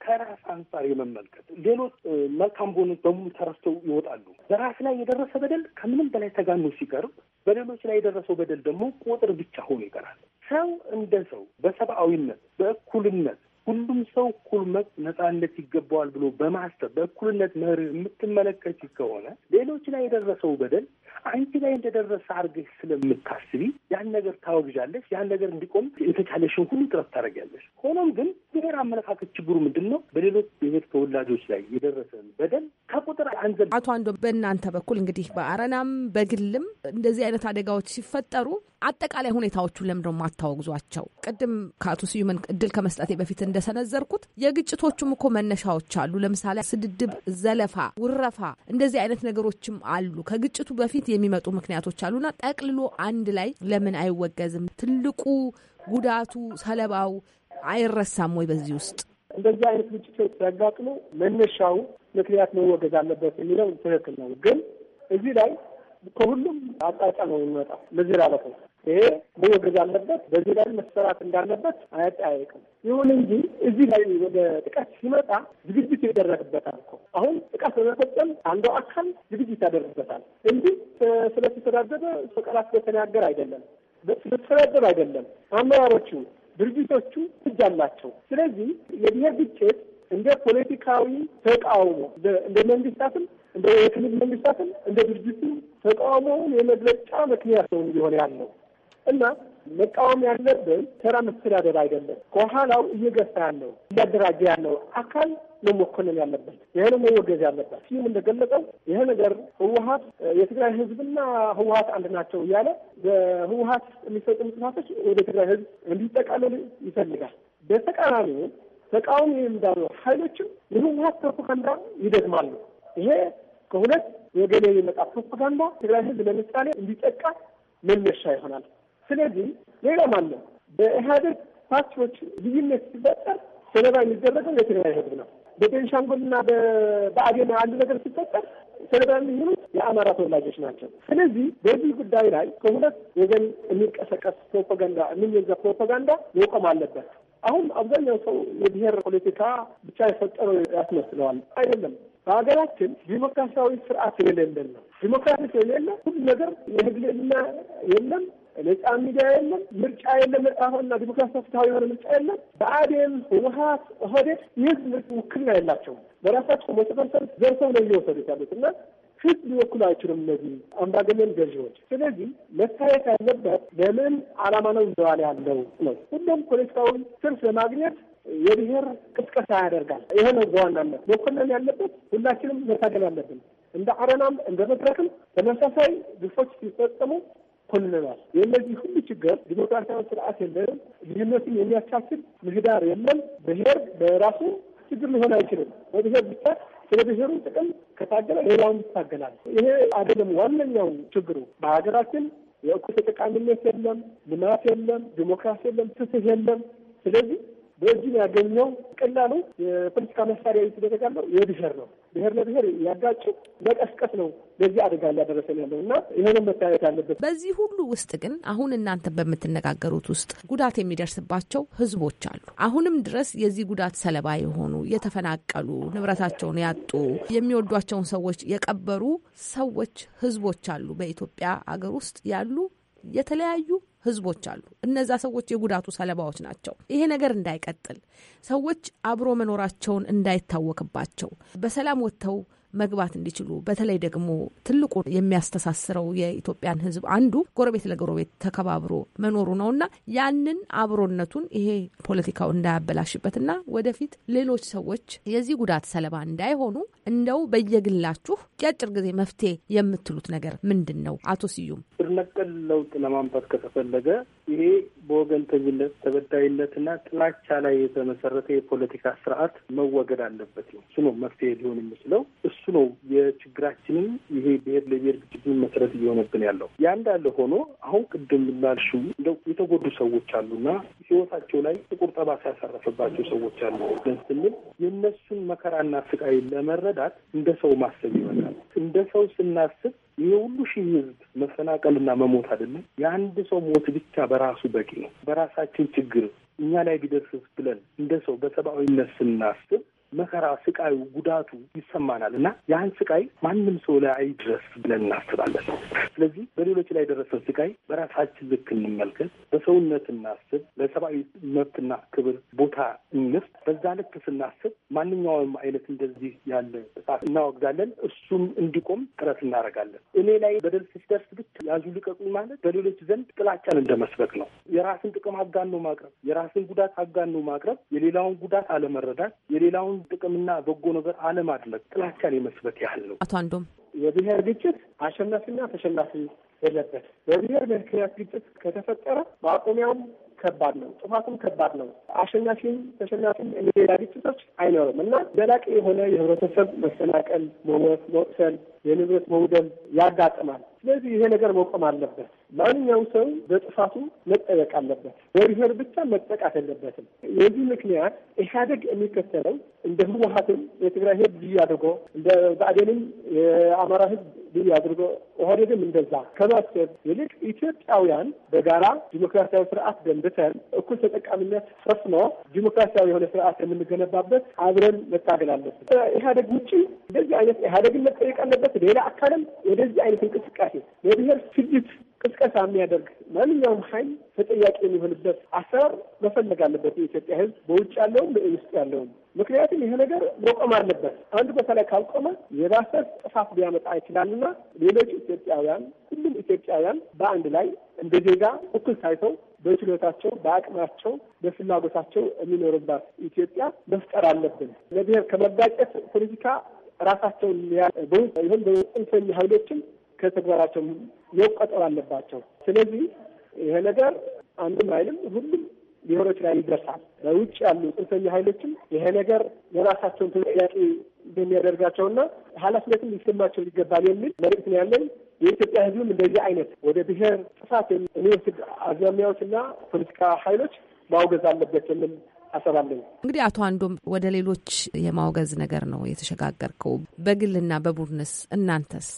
ከራስ አንጻር የመመልከት ሌሎች መልካም ጎኖች በሙሉ ተረስተው ይወጣሉ። በራስ ላይ የደረሰ በደል ከምንም በላይ ተጋኖ ሲቀርብ፣ በሌሎች ላይ የደረሰው በደል ደግሞ ቁጥር ብቻ ሆኖ ይቀራል። ሰው እንደ ሰው በሰብአዊነት በእኩልነት ሁሉም ሰው እኩል መብት፣ ነፃነት ይገባዋል ብሎ በማሰብ በእኩልነት መርህ የምትመለከት ከሆነ ሌሎች ላይ የደረሰው በደል አንቺ ላይ እንደደረሰ አድርገሽ ስለምታስቢ ያን ነገር ታወግዣለሽ። ያን ነገር እንዲቆም የተቻለሽን ሁሉ ጥረት ታደርጊያለሽ። ሆኖም ግን የዘር አመለካከት ችግሩ ምንድን ነው? በሌሎች ብሔር ተወላጆች ላይ የደረሰን በደል ከቁጥር አንዘ አቶ አንዶ በእናንተ በኩል እንግዲህ በአረናም በግልም እንደዚህ አይነት አደጋዎች ሲፈጠሩ አጠቃላይ ሁኔታዎቹን ለምደ ማታወግዟቸው ቅድም ከአቶ ስዩመን እድል ከመስጠቴ በፊት እንደሰነዘርኩት የግጭቶቹም እኮ መነሻዎች አሉ። ለምሳሌ ስድድብ፣ ዘለፋ፣ ውረፋ እንደዚህ አይነት ነገሮችም አሉ። ከግጭቱ በፊት የሚመጡ ምክንያቶች አሉና ጠቅልሎ አንድ ላይ ለምን አይወገዝም? ትልቁ ጉዳቱ ሰለባው አይረሳም ወይ? በዚህ ውስጥ እንደዚህ አይነት ግጭቶች ሲያጋጥሙ መነሻው ምክንያት መወገዝ አለበት የሚለው ትክክል ነው። ግን እዚህ ላይ ከሁሉም አቅጣጫ ነው የሚመጣው መዘላለፍ ነው። ይሄ መወገዝ አለበት፣ በዚህ ላይ መሰራት እንዳለበት አያጠያይቅም። ይሁን እንጂ እዚህ ላይ ወደ ጥቃት ሲመጣ ዝግጅት ይደረግበታል እኮ አሁን ጥቃት በመፈጸም አንዱ አካል ዝግጅት ያደርግበታል እንጂ ስለተሰዳደበ በቃላት በተናገር አይደለም፣ ስለተሰዳደብ አይደለም። አመራሮቹ ድርጅቶቹ እጅ አላቸው። ስለዚህ የብሔር ግጭት እንደ ፖለቲካዊ ተቃውሞ እንደ መንግስታትም እንደ የክልል መንግስታትም እንደ ድርጅቱ ተቃውሞውን የመግለጫ ምክንያት ነው እየሆነ ያለው እና መቃወም ያለብን ስራ መስተዳደር አይደለም፣ ከኋላው እየገፋ ያለው እያደራጀ ያለው አካል ነው መኮንን ያለበት። ይሄ ነው መወገዝ ያለበት። ሲም እንደገለጸው ይሄ ነገር ህወሀት የትግራይ ህዝብና ህወሀት አንድ ናቸው እያለ በህወሀት የሚፈጽሙ ጥፋቶች ወደ ትግራይ ህዝብ እንዲጠቃለል ይፈልጋል። በተቃራኒው ተቃዋሚ የሚባሉ ሀይሎችም የህወሀት ፕሮፓጋንዳ ይደግማሉ። ይሄ ከሁለት ወገን የሚመጣ ፕሮፓጋንዳ ትግራይ ህዝብ ለምሳሌ እንዲጠቃ መነሻ ይሆናል። ስለዚህ ሌላ ማለት በኢህአዴግ ፓርቲዎች ልዩነት ሲፈጠር ሰለባ የሚደረገው የትግራይ ህዝብ ነው። በቤንሻንጉልና በአዴና አንድ ነገር ሲፈጠር ፌደራል የሚሆኑት የአማራ ተወላጆች ናቸው። ስለዚህ በዚህ ጉዳይ ላይ ከሁለት ወገን የሚቀሰቀስ ፕሮፓጋንዳ የሚነዛ ፕሮፓጋንዳ መቆም አለበት። አሁን አብዛኛው ሰው የብሔር ፖለቲካ ብቻ የፈጠረው ያስመስለዋል። አይደለም። በሀገራችን ዲሞክራሲያዊ ስርዓት የሌለን ነው። ዲሞክራሲ የሌለ ሁሉ ነገር የህግልና የለም ነጻ ሚዲያ የለም፣ ምርጫ የለም፣ ነጻና ዲሞክራሲ ፍትሐዊ የሆነ ምርጫ የለም። በአዴን ህወሀት፣ ኦህዴድ የህዝብ ውክልና የላቸው በራሳቸው መሰፈርሰር ዘርሰው ነው እየወሰዱት ያሉት እና ህዝብ ሊወክሉ አይችሉም እነዚህ አምባገነን ገዢዎች። ስለዚህ መታየት ያለበት ለምን አላማ ነው ይዘዋል ያለው ነው። ሁሉም ፖለቲካዊ ትርፍ ለማግኘት የብሔር ቅስቀሳ ያደርጋል። ይሄ ነው በዋናነት መኮነን ያለበት። ሁላችንም መታገል አለብን። እንደ አረናም እንደ መድረክም ተመሳሳይ ግፎች ሲፈጸሙ ኮንነናል። የእነዚህ ሁሉ ችግር ዲሞክራሲያዊ ስርዓት የለንም፣ ልዩነትን የሚያቻችል ምህዳር የለም። ብሔር በራሱ ችግር ሊሆን አይችልም። በብሔር ብቻ ስለ ብሔሩ ጥቅም ከታገለ ሌላውን ይታገላል። ይሄ አይደለም ዋነኛው ችግሩ በሀገራችን የእኩል ተጠቃሚነት የለም፣ ልማት የለም፣ ዲሞክራሲ የለም፣ ፍትህ የለም። ስለዚህ በዚህ ያገኘው ቀላሉ የፖለቲካ መሳሪያ እየተደረገ የብሔር ነው። ብሔር ለብሔር ያጋጩ መቀስቀስ ነው ለዚህ አደጋ እያደረሰን ያለው እና ይሄንም መታየት አለበት። በዚህ ሁሉ ውስጥ ግን አሁን እናንተ በምትነጋገሩት ውስጥ ጉዳት የሚደርስባቸው ህዝቦች አሉ። አሁንም ድረስ የዚህ ጉዳት ሰለባ የሆኑ የተፈናቀሉ፣ ንብረታቸውን ያጡ፣ የሚወዷቸውን ሰዎች የቀበሩ ሰዎች፣ ህዝቦች አሉ በኢትዮጵያ አገር ውስጥ ያሉ የተለያዩ ህዝቦች አሉ። እነዛ ሰዎች የጉዳቱ ሰለባዎች ናቸው። ይሄ ነገር እንዳይቀጥል ሰዎች አብሮ መኖራቸውን እንዳይታወቅባቸው በሰላም ወጥተው መግባት እንዲችሉ በተለይ ደግሞ ትልቁ የሚያስተሳስረው የኢትዮጵያን ሕዝብ አንዱ ጎረቤት ለጎረቤት ተከባብሮ መኖሩ ነውና ያንን አብሮነቱን ይሄ ፖለቲካው እንዳያበላሽበትና ወደፊት ሌሎች ሰዎች የዚህ ጉዳት ሰለባ እንዳይሆኑ እንደው በየግላችሁ የአጭር ጊዜ መፍትሄ የምትሉት ነገር ምንድን ነው? አቶ ስዩም ስር ነቀል ለውጥ ለማምጣት ከተፈለገ ይሄ በወገንተኝነት ተበዳይነትና ጥላቻ ላይ የተመሰረተ የፖለቲካ ስርዓት መወገድ አለበት ነው። እሱ ነው መፍትሄ ሊሆን የሚችለው። እሱ ነው የችግራችንን ይሄ ብሔር ለብሔር ግጭትን መሰረት እየሆነብን ያለው። ያ እንዳለ ሆኖ አሁን ቅድም እንዳልሽው እንደው የተጎዱ ሰዎች አሉና ህይወታቸው ላይ ጥቁር ጠባሳ ያሳረፈባቸው ሰዎች አሉ ብለን ስንል የእነሱን መከራና ስቃይ ለመረዳት እንደ ሰው ማሰብ ይሆናል። እንደ ሰው ስናስብ ይሄ ሁሉ ሺህ ህዝብ መፈናቀልና መሞት አይደለም። የአንድ ሰው ሞት ብቻ በራሱ በቂ ነው። በራሳችን ችግር እኛ ላይ ቢደርስስ ብለን እንደ ሰው በሰብአዊነት ስናስብ መከራ፣ ስቃዩ፣ ጉዳቱ ይሰማናል እና ያን ስቃይ ማንም ሰው ላይ አይድረስ ብለን እናስባለን። ስለዚህ በሌሎች ላይ የደረሰው ስቃይ በራሳችን ልክ እንመልከት፣ በሰውነት እናስብ፣ ለሰብአዊ መብትና ክብር ቦታ እንስጥ። በዛ ልክ ስናስብ ማንኛውም አይነት እንደዚህ ያለ ጥቃት እናወግዛለን። እሱም እንዲቆም ጥረት እናደርጋለን። እኔ ላይ በደል ሲደርስ ብቻ ያዙ ልቀቁኝ ማለት በሌሎች ዘንድ ጥላቻን እንደመስበክ ነው። የራስን ጥቅም አጋኖ ማቅረብ፣ የራስን ጉዳት አጋኖ ማቅረብ፣ የሌላውን ጉዳት አለመረዳት፣ የሌላውን ጥቅምና በጎ ነገር አለማድረግ ጥላቻን የመስበት ያህል ነው። አቶ አንዱም የብሔር ግጭት አሸናፊና ተሸናፊ የለበት። በብሔር ምክንያት ግጭት ከተፈጠረ ማቆሚያውም ከባድ ነው፣ ጥፋቱም ከባድ ነው። አሸናፊም ተሸናፊም የሌላ ግጭቶች አይኖርም እና ዘላቂ የሆነ የህብረተሰብ መሰናቀል፣ መሞት፣ መቁሰል፣ የንብረት መውደም ያጋጥማል። ስለዚህ ይሄ ነገር መቆም አለበት። ማንኛውም ሰው በጥፋቱ መጠየቅ አለበት። በብሔር ብቻ መጠቃት የለበትም። የዚህ ምክንያት ኢህአደግ የሚከተለው እንደ ህወሀትም የትግራይ ህዝብ ልዩ አድርጎ እንደ ብአዴንም የአማራ ህዝብ ልዩ አድርጎ ኦህዴድም እንደዛ ከማሰብ ይልቅ ኢትዮጵያውያን በጋራ ዲሞክራሲያዊ ስርዓት ደንብ ተተን እኩል ተጠቃሚነት ሰፍኖ ዲሞክራሲያዊ የሆነ ስርዓት የምንገነባበት አብረን መታገል አለብን። ኢህአዴግ ውጭ እንደዚህ አይነት ኢህአዴግን መጠየቅ አለበት። ሌላ አካልም ወደዚህ አይነት እንቅስቃሴ የብሔር ስጅት ቅስቀሳ የሚያደርግ ማንኛውም ኃይል ተጠያቂ የሚሆንበት አሰራር መፈለግ አለበት የኢትዮጵያ ሕዝብ በውጭ ያለውም በውስጥ ያለውም። ምክንያቱም ይሄ ነገር መቆም አለበት። አንዱ በተለይ ካልቆመ የባሰ ጥፋት ሊያመጣ ይችላልና ሌሎች ኢትዮጵያውያን፣ ሁሉም ኢትዮጵያውያን በአንድ ላይ እንደ ዜጋ እኩል ታይተው በችሎታቸው፣ በአቅማቸው፣ በፍላጎታቸው የሚኖርባት ኢትዮጵያ መፍጠር አለብን። ለብሔር ከመጋጨት ፖለቲካ ራሳቸውን ይሁን በጽንፈኛ ኃይሎችም ከተግባራቸው መቆጠብ አለባቸው። ስለዚህ ይሄ ነገር አንድም አይልም ሁሉም ብሔሮች ላይ ይደርሳል። በውጭ ያሉ ጽንፈኛ ኃይሎችም ይሄ ነገር የራሳቸውን ተጠያቂ እንደሚያደርጋቸውና ኃላፊነትም ሊሰማቸው ይገባል የሚል መልዕክት ነው ያለን። የኢትዮጵያ ሕዝብም እንደዚህ አይነት ወደ ብሔር ጥፋት የሚወስድ አዝማሚያዎችና ፖለቲካ ኃይሎች ማውገዝ አለበት የምል አሰባለሁ። እንግዲህ አቶ አንዶም ወደ ሌሎች የማውገዝ ነገር ነው የተሸጋገርከው። በግልና በቡድንስ እናንተስ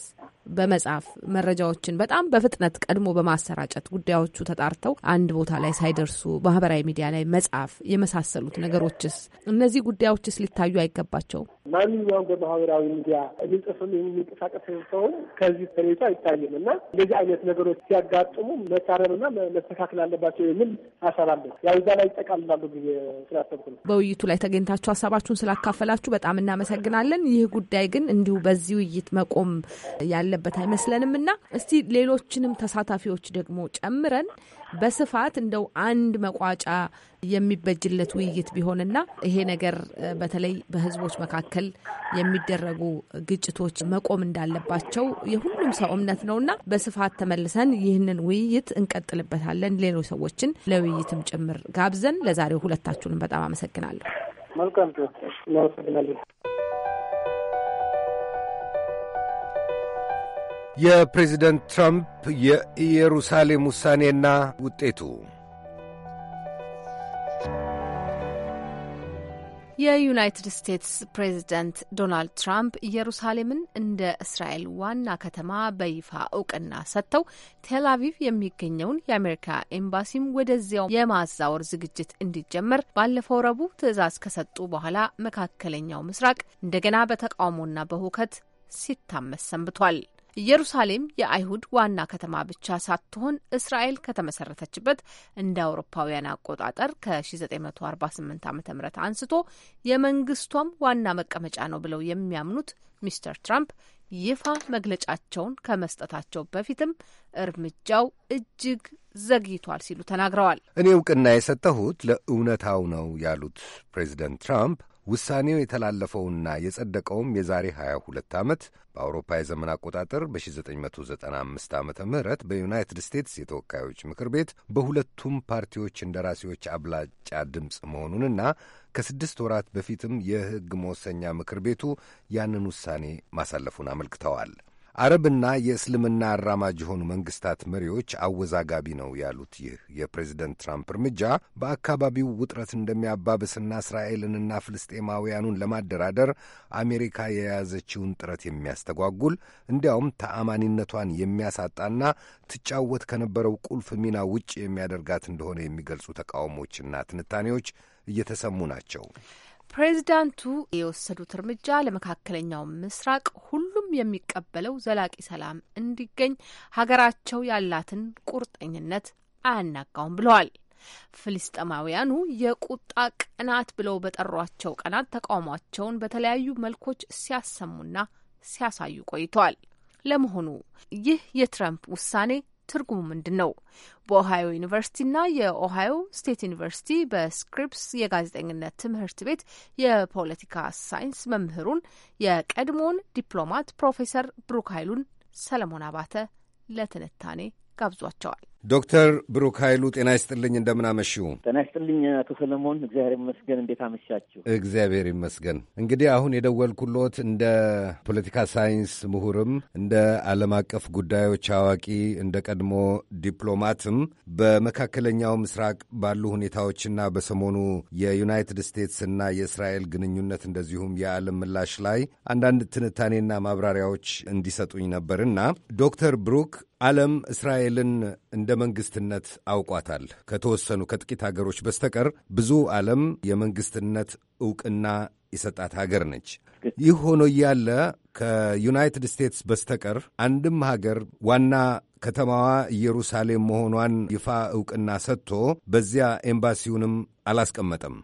በመጻፍ መረጃዎችን በጣም በፍጥነት ቀድሞ በማሰራጨት ጉዳዮቹ ተጣርተው አንድ ቦታ ላይ ሳይደርሱ ማህበራዊ ሚዲያ ላይ መጻፍ የመሳሰሉት ነገሮችስ እነዚህ ጉዳዮችስ ሊታዩ አይገባቸውም? ማንኛውም በማህበራዊ ሚዲያ ሊጽፍም የሚንቀሳቀስ ሰውን ከዚህ ተሌቱ አይታይም እና እንደዚህ አይነት ነገሮች ሲያጋጥሙ መታረምና መስተካከል አለባቸው የሚል ሀሳብ አለ። ያው እዛ ላይ ይጠቃልላሉ ጊዜ ስላሰብኩ ነው። በውይይቱ ላይ ተገኝታችሁ ሀሳባችሁን ስላካፈላችሁ በጣም እናመሰግናለን። ይህ ጉዳይ ግን እንዲሁ በዚህ ውይይት መቆም ያለ ያለበት አይመስለንም እና እስቲ ሌሎችንም ተሳታፊዎች ደግሞ ጨምረን በስፋት እንደው አንድ መቋጫ የሚበጅለት ውይይት ቢሆንና ይሄ ነገር በተለይ በህዝቦች መካከል የሚደረጉ ግጭቶች መቆም እንዳለባቸው የሁሉም ሰው እምነት ነውና በስፋት ተመልሰን ይህንን ውይይት እንቀጥልበታለን። ሌሎች ሰዎችን ለውይይትም ጭምር ጋብዘን ለዛሬው ሁለታችሁንም በጣም አመሰግናለሁ። መልካም የፕሬዚደንት ትራምፕ የኢየሩሳሌም ውሳኔና ውጤቱ የዩናይትድ ስቴትስ ፕሬዚደንት ዶናልድ ትራምፕ ኢየሩሳሌምን እንደ እስራኤል ዋና ከተማ በይፋ እውቅና ሰጥተው ቴል አቪቭ የሚገኘውን የአሜሪካ ኤምባሲም ወደዚያው የማዛወር ዝግጅት እንዲጀመር ባለፈው ረቡዕ ትዕዛዝ ከሰጡ በኋላ መካከለኛው ምስራቅ እንደገና በተቃውሞና በሁከት ሲታመስ ሰንብቷል። ኢየሩሳሌም የአይሁድ ዋና ከተማ ብቻ ሳትሆን እስራኤል ከተመሰረተችበት እንደ አውሮፓውያን አቆጣጠር ከ1948 ዓ ም አንስቶ የመንግስቷም ዋና መቀመጫ ነው ብለው የሚያምኑት ሚስተር ትራምፕ ይፋ መግለጫቸውን ከመስጠታቸው በፊትም እርምጃው እጅግ ዘግይቷል ሲሉ ተናግረዋል። እኔ እውቅና የሰጠሁት ለእውነታው ነው ያሉት ፕሬዚደንት ትራምፕ ውሳኔው የተላለፈውና የጸደቀውም የዛሬ 22 ዓመት በአውሮፓ የዘመን አቆጣጠር በ1995 ዓ ም በዩናይትድ ስቴትስ የተወካዮች ምክር ቤት በሁለቱም ፓርቲዎች እንደራሴዎች አብላጫ ድምፅ መሆኑንና ከስድስት ወራት በፊትም የሕግ መወሰኛ ምክር ቤቱ ያንን ውሳኔ ማሳለፉን አመልክተዋል። አረብና የእስልምና አራማጅ የሆኑ መንግስታት መሪዎች አወዛጋቢ ነው ያሉት ይህ የፕሬዝደንት ትራምፕ እርምጃ በአካባቢው ውጥረት እንደሚያባብስና እስራኤልንና ፍልስጤማውያኑን ለማደራደር አሜሪካ የያዘችውን ጥረት የሚያስተጓጉል እንዲያውም ተአማኒነቷን የሚያሳጣና ትጫወት ከነበረው ቁልፍ ሚና ውጭ የሚያደርጋት እንደሆነ የሚገልጹ ተቃውሞችና ትንታኔዎች እየተሰሙ ናቸው። ፕሬዚዳንቱ የወሰዱት እርምጃ ለመካከለኛው ምስራቅ ሁሉም የሚቀበለው ዘላቂ ሰላም እንዲገኝ ሀገራቸው ያላትን ቁርጠኝነት አያናጋውም ብለዋል። ፍልስጤማውያኑ የቁጣ ቀናት ብለው በጠሯቸው ቀናት ተቃውሟቸውን በተለያዩ መልኮች ሲያሰሙና ሲያሳዩ ቆይተዋል። ለመሆኑ ይህ የትረምፕ ውሳኔ ትርጉሙ ምንድን ነው? በኦሃዮ ዩኒቨርሲቲና የኦሃዮ ስቴት ዩኒቨርሲቲ በስክሪፕስ የጋዜጠኝነት ትምህርት ቤት የፖለቲካ ሳይንስ መምህሩን የቀድሞውን ዲፕሎማት ፕሮፌሰር ብሩክ ኃይሉን ሰለሞን አባተ ለትንታኔ ጋብዟቸዋል። ዶክተር ብሩክ ኃይሉ ጤና ይስጥልኝ፣ እንደምን አመሽው? ጤና ይስጥልኝ አቶ ሰለሞን፣ እግዚአብሔር ይመስገን። እንዴት አመሻችሁ? እግዚአብሔር ይመስገን። እንግዲህ አሁን የደወልኩሎት እንደ ፖለቲካ ሳይንስ ምሁርም እንደ ዓለም አቀፍ ጉዳዮች አዋቂ እንደ ቀድሞ ዲፕሎማትም በመካከለኛው ምስራቅ ባሉ ሁኔታዎችና በሰሞኑ የዩናይትድ ስቴትስና የእስራኤል ግንኙነት እንደዚሁም የዓለም ምላሽ ላይ አንዳንድ ትንታኔና ማብራሪያዎች እንዲሰጡኝ ነበርና ዶክተር ብሩክ ዓለም እስራኤልን እንደ መንግስትነት አውቋታል። ከተወሰኑ ከጥቂት ሀገሮች በስተቀር ብዙ ዓለም የመንግስትነት እውቅና የሰጣት ሀገር ነች። ይህ ሆኖ እያለ ከዩናይትድ ስቴትስ በስተቀር አንድም ሀገር ዋና ከተማዋ ኢየሩሳሌም መሆኗን ይፋ እውቅና ሰጥቶ በዚያ ኤምባሲውንም አላስቀመጠም።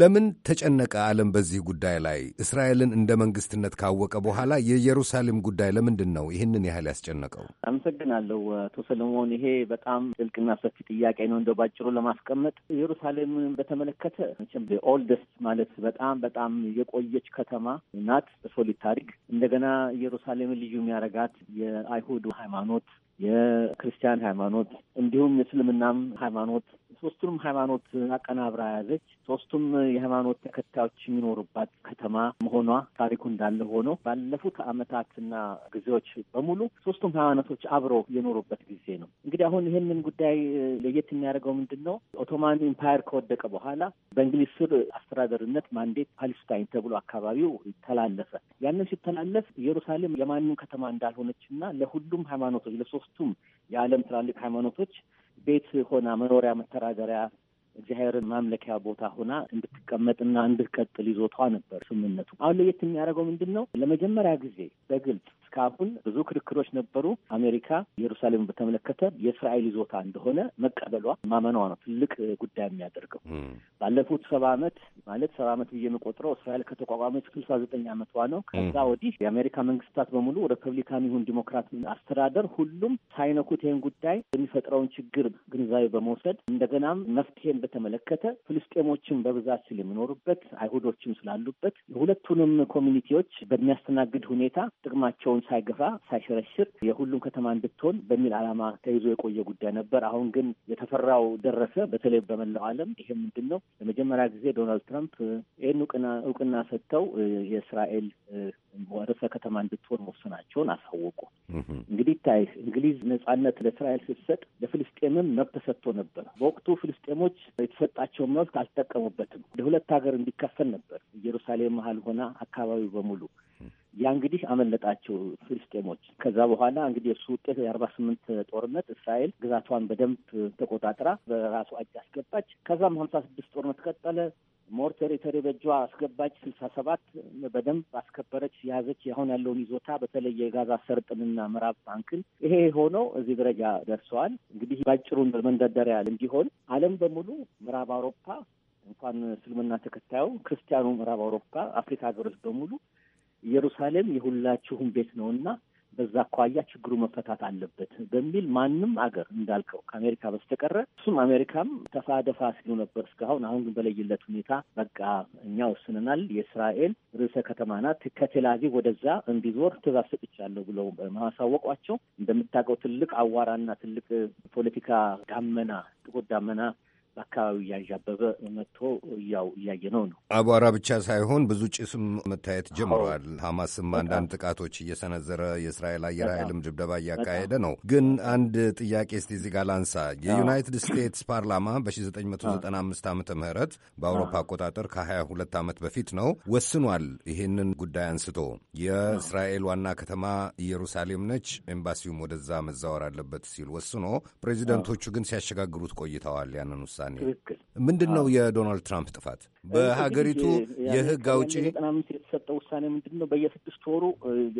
ለምን ተጨነቀ ዓለም በዚህ ጉዳይ ላይ? እስራኤልን እንደ መንግስትነት ካወቀ በኋላ የኢየሩሳሌም ጉዳይ ለምንድን ነው ይህንን ያህል ያስጨነቀው? አመሰግናለሁ አቶ ሰለሞን። ይሄ በጣም ጥልቅና ሰፊ ጥያቄ ነው። እንደ ባጭሩ ለማስቀመጥ ኢየሩሳሌም በተመለከተ መቼም ኦልደስት ማለት በጣም በጣም የቆየች ከተማ ናት፣ በሶሊድ ታሪክ። እንደገና ኢየሩሳሌምን ልዩ የሚያደርጋት የአይሁድ ሃይማኖት የክርስቲያን ሃይማኖት እንዲሁም የእስልምናም ሃይማኖት ሶስቱንም ሃይማኖት አቀናብራ ያዘች። ሶስቱም የሃይማኖት ተከታዮች የሚኖሩባት ከተማ መሆኗ ታሪኩ እንዳለ ሆኖ ባለፉት አመታትና ጊዜዎች በሙሉ ሶስቱም ሃይማኖቶች አብረው የኖሩበት ጊዜ ነው። እንግዲህ አሁን ይህንን ጉዳይ ለየት የሚያደርገው ምንድን ነው? ኦቶማን ኢምፓየር ከወደቀ በኋላ በእንግሊዝ ስር አስተዳደርነት ማንዴት ፓሊስታይን ተብሎ አካባቢው ተላለፈ። ያንን ሲተላለፍ ኢየሩሳሌም የማንም ከተማ እንዳልሆነች እና ለሁሉም ሃይማኖቶች ለሶስቱም የዓለም ትላልቅ ሃይማኖቶች ቤት ሆና መኖሪያ መተዳደሪያ እግዚአብሔርን ማምለኪያ ቦታ ሆና እንድትቀመጥና እንድትቀጥል ይዞቷ ነበር ስምምነቱ። አሁን ለየት የሚያደርገው ምንድን ነው? ለመጀመሪያ ጊዜ በግልጽ እስካሁን ብዙ ክርክሮች ነበሩ። አሜሪካ ኢየሩሳሌምን በተመለከተ የእስራኤል ይዞታ እንደሆነ መቀበሏ ማመኗ ነው ትልቅ ጉዳይ የሚያደርገው። ባለፉት ሰባ ዓመት ማለት ሰባ ዓመት ብዬ የምቆጥረው እስራኤል ከተቋቋመች ስልሳ ዘጠኝ ዓመቷ ነው። ከዛ ወዲህ የአሜሪካ መንግስታት በሙሉ ሪፐብሊካን ይሁን ዲሞክራት አስተዳደር ሁሉም ሳይነኩት ይህን ጉዳይ የሚፈጥረውን ችግር ግንዛቤ በመውሰድ እንደገናም መፍትሄን በተመለከተ ፍልስጤሞችን በብዛት ስለሚኖሩበት አይሁዶችም ስላሉበት ሁለቱንም ኮሚኒቲዎች በሚያስተናግድ ሁኔታ ጥቅማቸውን ሳይገፋ ሳይሸረሽር የሁሉም ከተማ እንድትሆን በሚል ዓላማ ተይዞ የቆየ ጉዳይ ነበር። አሁን ግን የተፈራው ደረሰ፣ በተለይ በመላው ዓለም። ይሄ ምንድን ነው? ለመጀመሪያ ጊዜ ዶናልድ ትራምፕ ይህን እውቅና እውቅና ሰጥተው የእስራኤል ርዕሰ ከተማ እንድትሆን መወሰናቸውን አሳወቁ። እንግዲህ ታይ እንግሊዝ ነጻነት ለእስራኤል ስትሰጥ ለፍልስጤምም መብት ተሰጥቶ ነበር። በወቅቱ ፍልስጤሞች የተሰጣቸውን መብት አልተጠቀሙበትም። ለሁለት ሀገር እንዲከፈል ነበር ኢየሩሳሌም መሀል ሆና አካባቢው በሙሉ ያ እንግዲህ አመለጣቸው ፍልስጤሞች። ከዛ በኋላ እንግዲህ እሱ ውጤት የአርባ ስምንት ጦርነት እስራኤል ግዛቷን በደንብ ተቆጣጥራ በራሱ እጅ አስገባች። ከዛም ሀምሳ ስድስት ጦርነት ቀጠለ። ሞር ቴሪቶሪ በእጇ አስገባች። ስልሳ ሰባት በደንብ አስከበረች፣ የያዘች አሁን ያለውን ይዞታ በተለይ የጋዛ ሰርጥንና ምዕራብ ባንክን። ይሄ ሆኖ እዚህ ደረጃ ደርሰዋል። እንግዲህ ባጭሩን በመንደርደሪያ እንዲሆን ዓለም በሙሉ ምዕራብ አውሮፓ እንኳን እስልምና ተከታዩ ክርስቲያኑ ምዕራብ አውሮፓ፣ አፍሪካ ሀገሮች በሙሉ ኢየሩሳሌም የሁላችሁም ቤት ነውና በዛ አኳያ ችግሩ መፈታት አለበት በሚል ማንም አገር እንዳልከው ከአሜሪካ በስተቀረ እሱም አሜሪካም ተፋደፋ ሲሉ ነበር እስካሁን። አሁን ግን በለይለት ሁኔታ በቃ እኛ ወስነናል የእስራኤል ርዕሰ ከተማ ናት፣ ከቴላቪቭ ወደዛ እንዲዞር ትዕዛዝ ሰጥቻለሁ ብለው ማሳወቋቸው እንደምታውቀው ትልቅ አዋራና ትልቅ ፖለቲካ ዳመና ጥቁር ዳመና በአካባቢው እያንዣበበ መጥቶ ያው እያየነው ነው። አቧራ ብቻ ሳይሆን ብዙ ጭስም መታየት ጀምሯል ሐማስም አንዳንድ ጥቃቶች እየሰነዘረ የእስራኤል አየር ኃይልም ድብደባ እያካሄደ ነው። ግን አንድ ጥያቄ እስቲ እዚህ ጋር ላንሳ። የዩናይትድ ስቴትስ ፓርላማ በ1995 ዓ ምህረት በአውሮፓ አቆጣጠር ከ22 ዓመት በፊት ነው ወስኗል። ይህንን ጉዳይ አንስቶ የእስራኤል ዋና ከተማ ኢየሩሳሌም ነች፣ ኤምባሲውም ወደዛ መዛወር አለበት ሲል ወስኖ ፕሬዚደንቶቹ ግን ሲያሸጋግሩት ቆይተዋል ያንን ውሳ ውሳኔ ትክክል ምንድን ነው? የዶናልድ ትራምፕ ጥፋት በሀገሪቱ የህግ አውጪ ዘጠና አምስት የተሰጠው ውሳኔ ምንድን ነው? በየስድስት ወሩ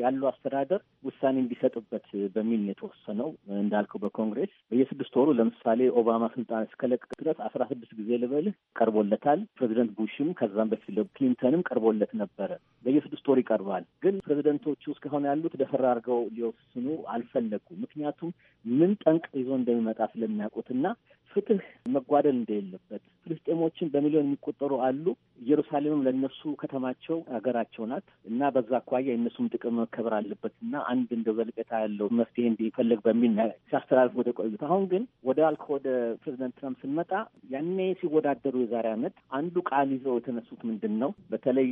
ያለው አስተዳደር ውሳኔ እንዲሰጥበት በሚል የተወሰነው። እንዳልከው በኮንግሬስ በየስድስት ወሩ ለምሳሌ ኦባማ ስልጣን እስከለቀቀ ድረስ አስራ ስድስት ጊዜ ልበልህ ቀርቦለታል። ፕሬዚደንት ቡሽም ከዛም በፊት ክሊንተንም ቀርቦለት ነበረ። በየስድስት ወር ይቀርባል። ግን ፕሬዚደንቶቹ እስካሁን ያሉት ደፈራ አድርገው ሊወስኑ አልፈለጉ። ምክንያቱም ምን ጠንቅ ይዞ እንደሚመጣ ስለሚያውቁትና ፍትህ መጓደል እንደሌለበት ፍልስጤሞችን በሚሊዮን የሚቆጠሩ አሉ። ኢየሩሳሌምም ለእነሱ ከተማቸው ሀገራቸው ናት እና በዛ አኳያ የእነሱም ጥቅም መከበር አለበት እና አንድ እንደ ዘለቄታ ያለው መፍትሄ እንዲፈለግ በሚል ሲያስተላልፍ ወደ ቆዩት። አሁን ግን ወደ አልከ ወደ ፕሬዚደንት ትራምፕ ስንመጣ ያኔ ሲወዳደሩ የዛሬ ዓመት አንዱ ቃል ይዘው የተነሱት ምንድን ነው? በተለይ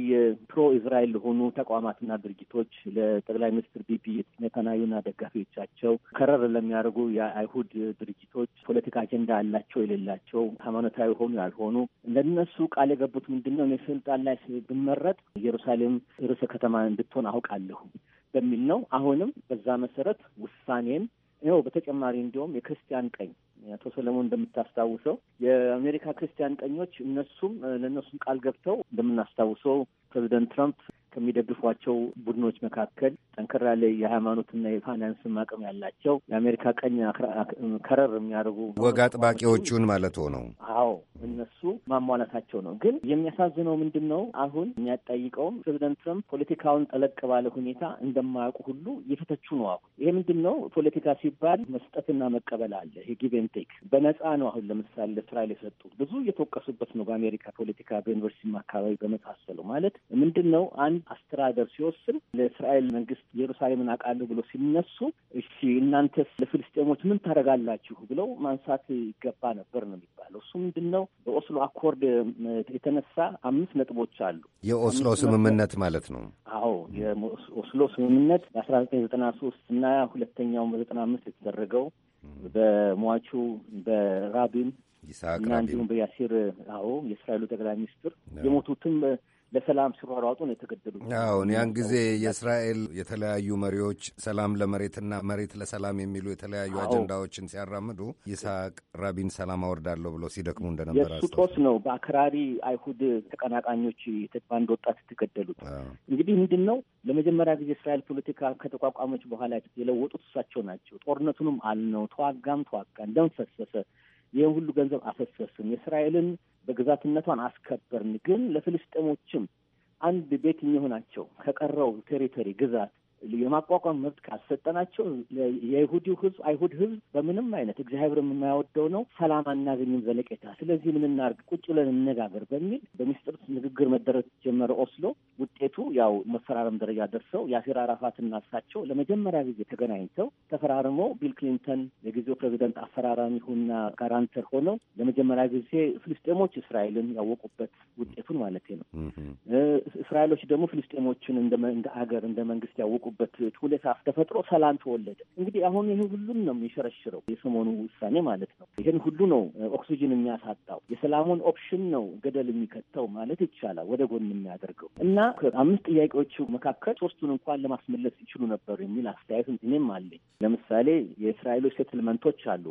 ፕሮ ኢዝራኤል ለሆኑ ተቋማትና ድርጅቶች ለጠቅላይ ሚኒስትር ቢቢ ኔታንያሁና ደጋፊዎቻቸው ከረር ለሚያደርጉ የአይሁድ ድርጅቶች ፖለቲካ አጀንዳ ያላቸው የሌላቸው፣ ሃይማኖታዊ የሆኑ ያልሆኑ ለእነሱ ቃል የገቡት ምንድን ነው እኔ ስልጣን ላይ ብመረጥ ኢየሩሳሌም ርዕሰ ከተማ እንድትሆን አውቃለሁ በሚል ነው። አሁንም በዛ መሰረት ውሳኔን ይኸው በተጨማሪ እንዲሁም የክርስቲያን ቀኝ አቶ ሰለሞን እንደምታስታውሰው የአሜሪካ ክርስቲያን ቀኞች እነሱም ለእነሱም ቃል ገብተው እንደምናስታውሰው ፕሬዚደንት ትራምፕ ከሚደግፏቸው ቡድኖች መካከል ጠንከር ያለ የሃይማኖትና የፋይናንስ አቅም ያላቸው የአሜሪካ ቀኝ ከረር የሚያደርጉ ወግ አጥባቂዎቹን ማለት ነው። አዎ እነሱ ማሟላታቸው ነው። ግን የሚያሳዝነው ምንድን ነው? አሁን የሚያጠይቀውም ፕሬዚደንት ትራምፕ ፖለቲካውን ጠለቅ ባለ ሁኔታ እንደማያውቁ ሁሉ እየፈተቹ ነው። አሁን ይሄ ምንድን ነው? ፖለቲካ ሲባል መስጠትና መቀበል አለ። ጊቬንቴክ በነፃ ነው። አሁን ለምሳሌ ለእስራኤል የሰጡ ብዙ እየተወቀሱበት ነው በአሜሪካ ፖለቲካ በዩኒቨርሲቲ አካባቢ በመሳሰሉ ማለት ምንድን ነው አንድ አስተዳደር ሲወስን ለእስራኤል መንግስት ኢየሩሳሌምን አውቃለሁ ብሎ ሲነሱ እሺ እናንተስ ለፍልስጤሞች ምን ታደርጋላችሁ ብለው ማንሳት ይገባ ነበር ነው የሚባለው። እሱ ምንድን ነው በኦስሎ አኮርድ የተነሳ አምስት ነጥቦች አሉ። የኦስሎ ስምምነት ማለት ነው። አዎ የኦስሎ ስምምነት በአስራ ዘጠኝ ዘጠና ሶስት እና ሁለተኛው በዘጠና አምስት የተደረገው በሟቹ በራቢን እና እንዲሁም በያሲር አዎ የእስራኤሉ ጠቅላይ ሚኒስትር የሞቱትም ለሰላም ሲሯሯጡ ነው የተገደሉ። አሁን ያን ጊዜ የእስራኤል የተለያዩ መሪዎች ሰላም ለመሬትና መሬት ለሰላም የሚሉ የተለያዩ አጀንዳዎችን ሲያራምዱ ይስሐቅ ራቢን ሰላም አወርዳለሁ ብሎ ሲደክሙ እንደነበረ የእሱ ጦስ ነው። በአክራሪ አይሁድ ተቀናቃኞች የተባንድ ወጣት የተገደሉት እንግዲህ ምንድን ነው ለመጀመሪያ ጊዜ እስራኤል ፖለቲካ ከተቋቋመች በኋላ የለወጡት እሳቸው ናቸው። ጦርነቱንም አልነው፣ ተዋጋም ተዋጋን፣ ደም ፈሰሰ፣ ይህን ሁሉ ገንዘብ አፈሰስን፣ የእስራኤልን በግዛትነቷን አስከበርን። ግን ለፍልስጤሞችም አንድ ቤት የሚሆናቸው ከቀረው ቴሪቶሪ ግዛት የማቋቋም መብት ካልሰጠናቸው የይሁዲው ህዝብ አይሁድ ህዝብ በምንም አይነት እግዚአብሔር የማያወደው ነው። ሰላም አናገኝም ዘለቄታ። ስለዚህ ምን እናርግ፣ ቁጭ ብለን እነጋገር በሚል በሚስጥር ንግግር መደረግ ጀመረ ኦስሎ። ውጤቱ ያው መፈራረም ደረጃ ደርሰው ያሲር አራፋት እና እሳቸው ለመጀመሪያ ጊዜ ተገናኝተው ተፈራርመው ቢል ክሊንተን የጊዜው ፕሬዚደንት አፈራራሚ ሁና ጋራንተር ሆነው ለመጀመሪያ ጊዜ ፍልስጤሞች እስራኤልን ያወቁበት ውጤቱን ማለት ነው። እስራኤሎች ደግሞ ፍልስጤሞችን እንደ አገር እንደ መንግስት ያወቁ የሚያውቁበት ሁኔታ ተፈጥሮ ሰላም ተወለደ። እንግዲህ አሁን ይህ ሁሉን ነው የሚሸረሽረው የሰሞኑ ውሳኔ ማለት ነው። ይህን ሁሉ ነው ኦክሲጅን የሚያሳጣው። የሰላሙን ኦፕሽን ነው ገደል የሚከተው ማለት ይቻላል፣ ወደ ጎን የሚያደርገው እና ከአምስት ጥያቄዎቹ መካከል ሶስቱን እንኳን ለማስመለስ ይችሉ ነበር የሚል አስተያየት እኔም አለኝ። ለምሳሌ የእስራኤሎች ሴትልመንቶች አሉ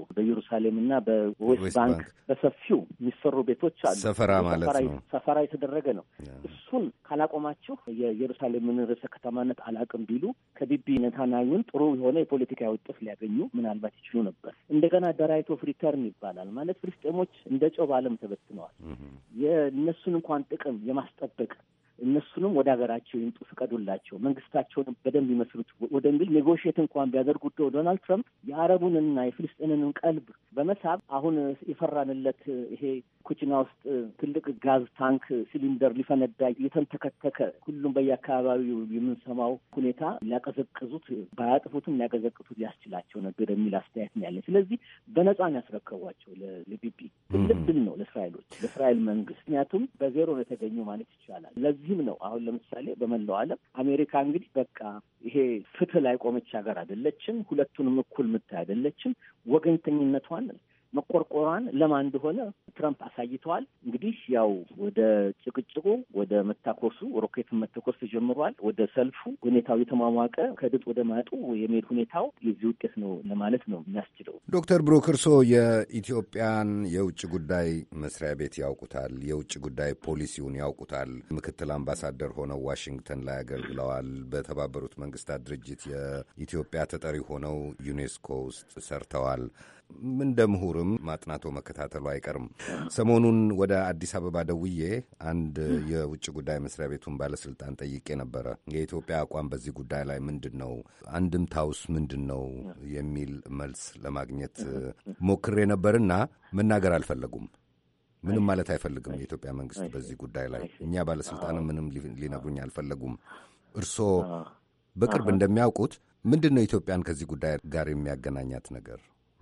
እና በዌስት ባንክ በሰፊው የሚሰሩ ቤቶች አሉ። ሰፈራ ማለት ነው። ሰፈራ የተደረገ ነው። እሱን ካላቆማችሁ የኢየሩሳሌምን ርዕሰ ከተማነት አላቅም ቢሉ ከቢቢ ኔታንያሁን ጥሩ የሆነ የፖለቲካ ውጤት ሊያገኙ ምናልባት ይችሉ ነበር። እንደገና ደራይት ኦፍ ሪተርን ይባላል ማለት ፍልስጤሞች እንደ ጨው በዓለም ተበትነዋል። የእነሱን እንኳን ጥቅም የማስጠበቅ እነሱንም ወደ ሀገራቸው ይምጡ፣ ፍቀዱላቸው፣ መንግስታቸውን በደንብ ይመስሉት ወደሚል ኔጎሽየት እንኳን ቢያደርጉ ዶናልድ ትራምፕ የአረቡንና የፍልስጤንን ቀልብ በመሳብ አሁን የፈራንለት ይሄ ኩችና ውስጥ ትልቅ ጋዝ ታንክ ሲሊንደር ሊፈነዳ የተንተከተከ ሁሉም በየአካባቢው የምንሰማው ሁኔታ ሊያቀዘቅዙት ባያጥፉትም ሊያቀዘቅዙት ሊያስችላቸው ነበር የሚል አስተያየት ነው ያለኝ። ስለዚህ በነፃን ያስረከቧቸው ለቢቢ ትልቅ ድል ነው ለእስራኤሎች፣ ለእስራኤል መንግስት። ምክንያቱም በዜሮ ነው የተገኘው ማለት ይቻላል። ለዚህ ለዚህም ነው አሁን ለምሳሌ በመላው ዓለም አሜሪካ እንግዲህ በቃ ይሄ ፍትህ ላይ ቆመች ሀገር አይደለችም። ሁለቱንም እኩል ምታይ አይደለችም። ወገኝተኝነቷን መቆርቆሯን ለማን እንደሆነ ትረምፕ አሳይተዋል። እንግዲህ ያው ወደ ጭቅጭቁ ወደ መታኮሱ ሮኬትን መተኮስ ተጀምሯል። ወደ ሰልፉ ሁኔታው የተሟሟቀ ከድጡ ወደ ማጡ የሚሄድ ሁኔታው የዚህ ውጤት ነው ለማለት ነው የሚያስችለው። ዶክተር ብሩክ እርሶ የኢትዮጵያን የውጭ ጉዳይ መስሪያ ቤት ያውቁታል፣ የውጭ ጉዳይ ፖሊሲውን ያውቁታል። ምክትል አምባሳደር ሆነው ዋሽንግተን ላይ አገልግለዋል። በተባበሩት መንግስታት ድርጅት የኢትዮጵያ ተጠሪ ሆነው ዩኔስኮ ውስጥ ሰርተዋል። እንደ ምሁርም ማጥናቶ መከታተሉ አይቀርም። ሰሞኑን ወደ አዲስ አበባ ደውዬ አንድ የውጭ ጉዳይ መስሪያ ቤቱን ባለስልጣን ጠይቄ ነበረ። የኢትዮጵያ አቋም በዚህ ጉዳይ ላይ ምንድን ነው፣ አንድምታውስ ምንድን ነው የሚል መልስ ለማግኘት ሞክሬ ነበርና መናገር አልፈለጉም። ምንም ማለት አይፈልግም የኢትዮጵያ መንግስት በዚህ ጉዳይ ላይ እኛ ባለስልጣንም ምንም ሊነግሩኝ አልፈለጉም። እርስዎ በቅርብ እንደሚያውቁት ምንድን ነው ኢትዮጵያን ከዚህ ጉዳይ ጋር የሚያገናኛት ነገር?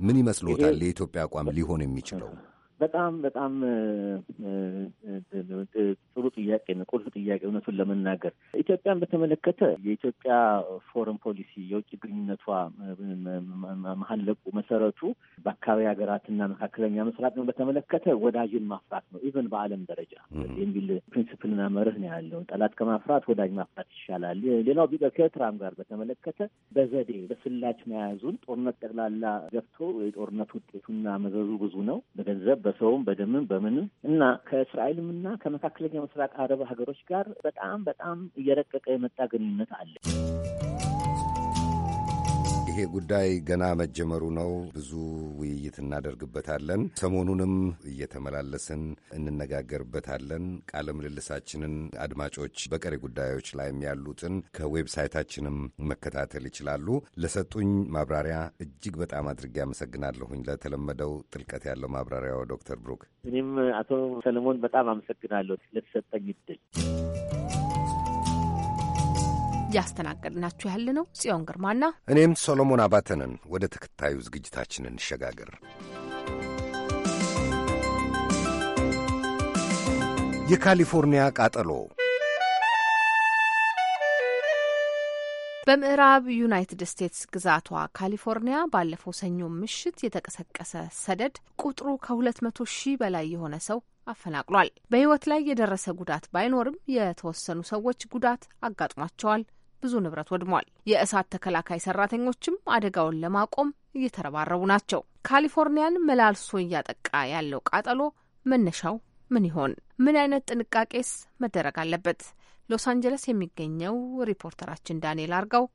ምን ይመስሎታል የኢትዮጵያ አቋም ሊሆን የሚችለው? በጣም በጣም ጥሩ ጥያቄ ነው። ቁልፍ ጥያቄ እውነቱን ለመናገር ኢትዮጵያን በተመለከተ የኢትዮጵያ ፎረን ፖሊሲ የውጭ ግንኙነቷ መሀለቁ መሰረቱ በአካባቢ ሀገራትና መካከለኛ ምስራቅ ነው በተመለከተ ወዳጅን ማፍራት ነው። ኢቨን በዓለም ደረጃ የሚል ፕሪንስፕልና መርህ ነው ያለው። ጠላት ከማፍራት ወዳጅ ማፍራት ይሻላል። ሌላው ቢቀር ከኤርትራም ጋር በተመለከተ በዘዴ በስላች መያዙን ጦርነት ጠቅላላ ገብቶ የጦርነት ውጤቱና መዘዙ ብዙ ነው በገንዘብ በሰውም በደምም በምንም እና ከእስራኤልም እና ከመካከለኛ ምስራቅ አረብ ሀገሮች ጋር በጣም በጣም እየረቀቀ የመጣ ግንኙነት አለ። ይሄ ጉዳይ ገና መጀመሩ ነው። ብዙ ውይይት እናደርግበታለን። ሰሞኑንም እየተመላለስን እንነጋገርበታለን። ቃለ ምልልሳችንን አድማጮች በቀሪ ጉዳዮች ላይም ያሉትን ከዌብሳይታችንም መከታተል ይችላሉ። ለሰጡኝ ማብራሪያ እጅግ በጣም አድርጌ አመሰግናለሁኝ። ለተለመደው ጥልቀት ያለው ማብራሪያው ዶክተር ብሩክ። እኔም አቶ ሰለሞን በጣም አመሰግናለሁ ለተሰጠኝ እድል። እያስተናገድናችሁ ያለ ነው ጽዮን ግርማና እኔም ሶሎሞን አባተንን። ወደ ተከታዩ ዝግጅታችን እንሸጋገር። የካሊፎርኒያ ቃጠሎ በምዕራብ ዩናይትድ ስቴትስ ግዛቷ ካሊፎርኒያ ባለፈው ሰኞ ምሽት የተቀሰቀሰ ሰደድ ቁጥሩ ከ200 ሺህ በላይ የሆነ ሰው አፈናቅሏል። በሕይወት ላይ የደረሰ ጉዳት ባይኖርም የተወሰኑ ሰዎች ጉዳት አጋጥሟቸዋል፣ ብዙ ንብረት ወድሟል። የእሳት ተከላካይ ሰራተኞችም አደጋውን ለማቆም እየተረባረቡ ናቸው። ካሊፎርኒያን መላልሶ እያጠቃ ያለው ቃጠሎ መነሻው ምን ይሆን? ምን አይነት ጥንቃቄስ መደረግ አለበት? ሎስ አንጀለስ የሚገኘው ሪፖርተራችን ዳንኤል አርጋው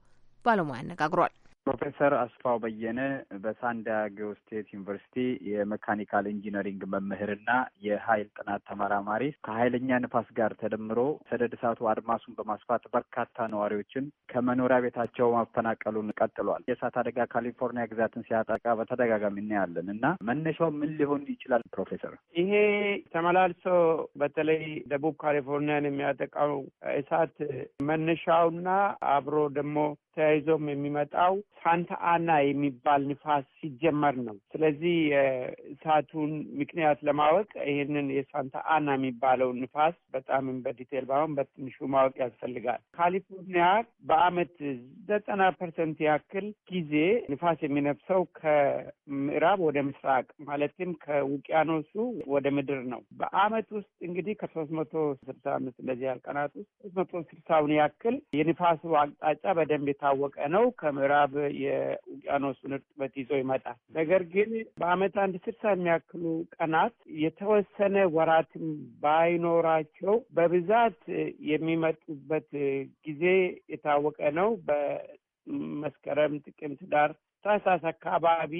ባለሙያ አነጋግሯል። ፕሮፌሰር አስፋው በየነ በሳንዲያጎ ስቴት ዩኒቨርሲቲ የመካኒካል ኢንጂነሪንግ መምህርና የኃይል ጥናት ተመራማሪ ከኃይለኛ ንፋስ ጋር ተደምሮ ሰደድ እሳቱ አድማሱን በማስፋት በርካታ ነዋሪዎችን ከመኖሪያ ቤታቸው ማፈናቀሉን ቀጥሏል። የእሳት አደጋ ካሊፎርኒያ ግዛትን ሲያጠቃ በተደጋጋሚ እናያለን እና መነሻው ምን ሊሆን ይችላል? ፕሮፌሰር ይሄ ተመላልሶ በተለይ ደቡብ ካሊፎርኒያን የሚያጠቃው እሳት መነሻውና አብሮ ደግሞ ተያይዞም የሚመጣው ሳንታ አና የሚባል ንፋስ ሲጀመር ነው። ስለዚህ እሳቱን ምክንያት ለማወቅ ይህንን የሳንታ አና የሚባለው ንፋስ በጣም በዲቴል ባይሆን በትንሹ ማወቅ ያስፈልጋል። ካሊፎርኒያ በአመት ዘጠና ፐርሰንት ያክል ጊዜ ንፋስ የሚነፍሰው ከምዕራብ ወደ ምስራቅ ማለትም ከውቅያኖሱ ወደ ምድር ነው። በአመት ውስጥ እንግዲህ ከሶስት መቶ ስልሳ አምስት እንደዚህ ያህል ቀናት ውስጥ ሶስት መቶ ስልሳውን ያክል የንፋሱ አቅጣጫ በደንብ የታወቀ ነው። ከምዕራብ የውቅያኖሱን እርጥበት ይዞ ይመጣል። ነገር ግን በአመት አንድ ስልሳ የሚያክሉ ቀናት የተወሰነ ወራትም ባይኖራቸው በብዛት የሚመጡበት ጊዜ የታወቀ ነው። በመስከረም፣ ጥቅምት፣ ዳር፣ ታህሳስ አካባቢ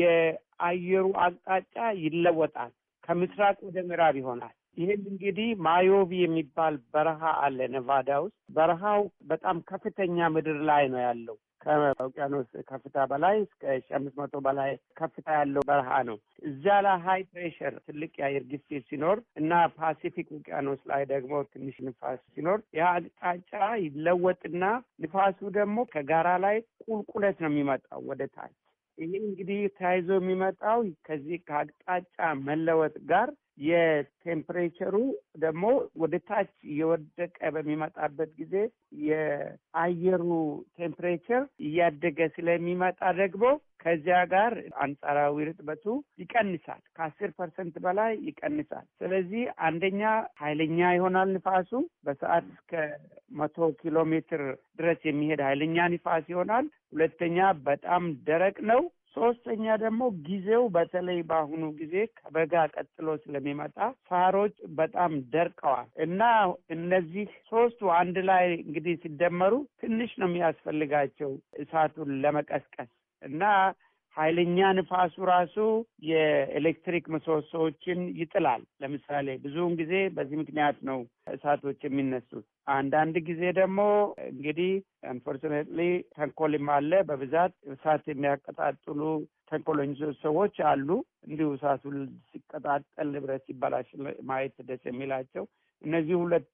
የአየሩ አቅጣጫ ይለወጣል። ከምስራቅ ወደ ምዕራብ ይሆናል። ይህም እንግዲህ ማዮቪ የሚባል በረሃ አለ ነቫዳ ውስጥ። በረሃው በጣም ከፍተኛ ምድር ላይ ነው ያለው ከውቅያኖስ ከፍታ በላይ እስከ ሺ አምስት መቶ በላይ ከፍታ ያለው በረሃ ነው። እዚያ ላይ ሀይ ፕሬሽር ትልቅ የአየር ግፊት ሲኖር እና ፓሲፊክ ውቅያኖስ ላይ ደግሞ ትንሽ ንፋስ ሲኖር ያ አቅጣጫ ይለወጥና ንፋሱ ደግሞ ከጋራ ላይ ቁልቁለት ነው የሚመጣው ወደ ታች ይህ እንግዲህ ተያይዞ የሚመጣው ከዚህ ከአቅጣጫ መለወጥ ጋር የቴምፕሬቸሩ ደግሞ ወደ ታች እየወደቀ በሚመጣበት ጊዜ የአየሩ ቴምፕሬቸር እያደገ ስለሚመጣ ደግሞ ከዚያ ጋር አንጻራዊ ርጥበቱ ይቀንሳል። ከአስር ፐርሰንት በላይ ይቀንሳል። ስለዚህ አንደኛ ኃይለኛ ይሆናል ንፋሱ በሰዓት እስከ መቶ ኪሎ ሜትር ድረስ የሚሄድ ኃይለኛ ንፋስ ይሆናል። ሁለተኛ በጣም ደረቅ ነው። ሶስተኛ ደግሞ ጊዜው በተለይ በአሁኑ ጊዜ ከበጋ ቀጥሎ ስለሚመጣ ሳሮች በጣም ደርቀዋል እና እነዚህ ሶስቱ አንድ ላይ እንግዲህ ሲደመሩ ትንሽ ነው የሚያስፈልጋቸው እሳቱን ለመቀስቀስ እና ኃይለኛ ንፋሱ ራሱ የኤሌክትሪክ ምሰሶዎችን ይጥላል። ለምሳሌ ብዙውን ጊዜ በዚህ ምክንያት ነው እሳቶች የሚነሱት። አንዳንድ ጊዜ ደግሞ እንግዲህ አንፎርቹኔትሊ ተንኮልም አለ። በብዛት እሳት የሚያቀጣጥሉ ተንኮለኞች ሰዎች አሉ። እንዲሁ እሳቱ ሲቀጣጠል ንብረት ሲበላሽ ማየት ደስ የሚላቸው እነዚህ ሁለቱ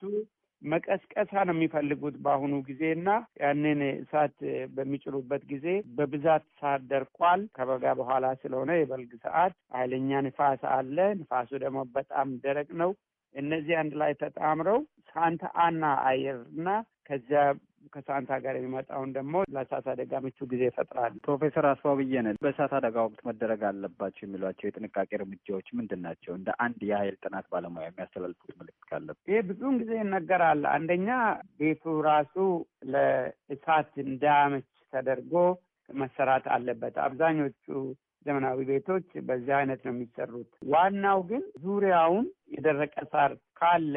መቀስቀሳ ነው የሚፈልጉት በአሁኑ ጊዜ እና ያንን እሳት በሚጭሩበት ጊዜ በብዛት ሳር ደርቋል። ከበጋ በኋላ ስለሆነ የበልግ ሰዓት ኃይለኛ ንፋስ አለ። ንፋሱ ደግሞ በጣም ደረቅ ነው። እነዚህ አንድ ላይ ተጣምረው ሳንታ አና አየር እና ከዚያ ከሳንታ ጋር የሚመጣውን ደግሞ ለእሳት አደጋ ምቹ ጊዜ ይፈጥራል። ፕሮፌሰር አስፋው በእሳት አደጋ ወቅት መደረግ አለባቸው የሚሏቸው የጥንቃቄ እርምጃዎች ምንድን ናቸው? እንደ አንድ የኃይል ጥናት ባለሙያ የሚያስተላልፉት ምልክት ካለብ። ይህ ብዙውን ጊዜ ይነገራል። አንደኛ ቤቱ ራሱ ለእሳት እንዳያመች ተደርጎ መሰራት አለበት። አብዛኞቹ ዘመናዊ ቤቶች በዚህ አይነት ነው የሚሰሩት። ዋናው ግን ዙሪያውን የደረቀ ሳር ካለ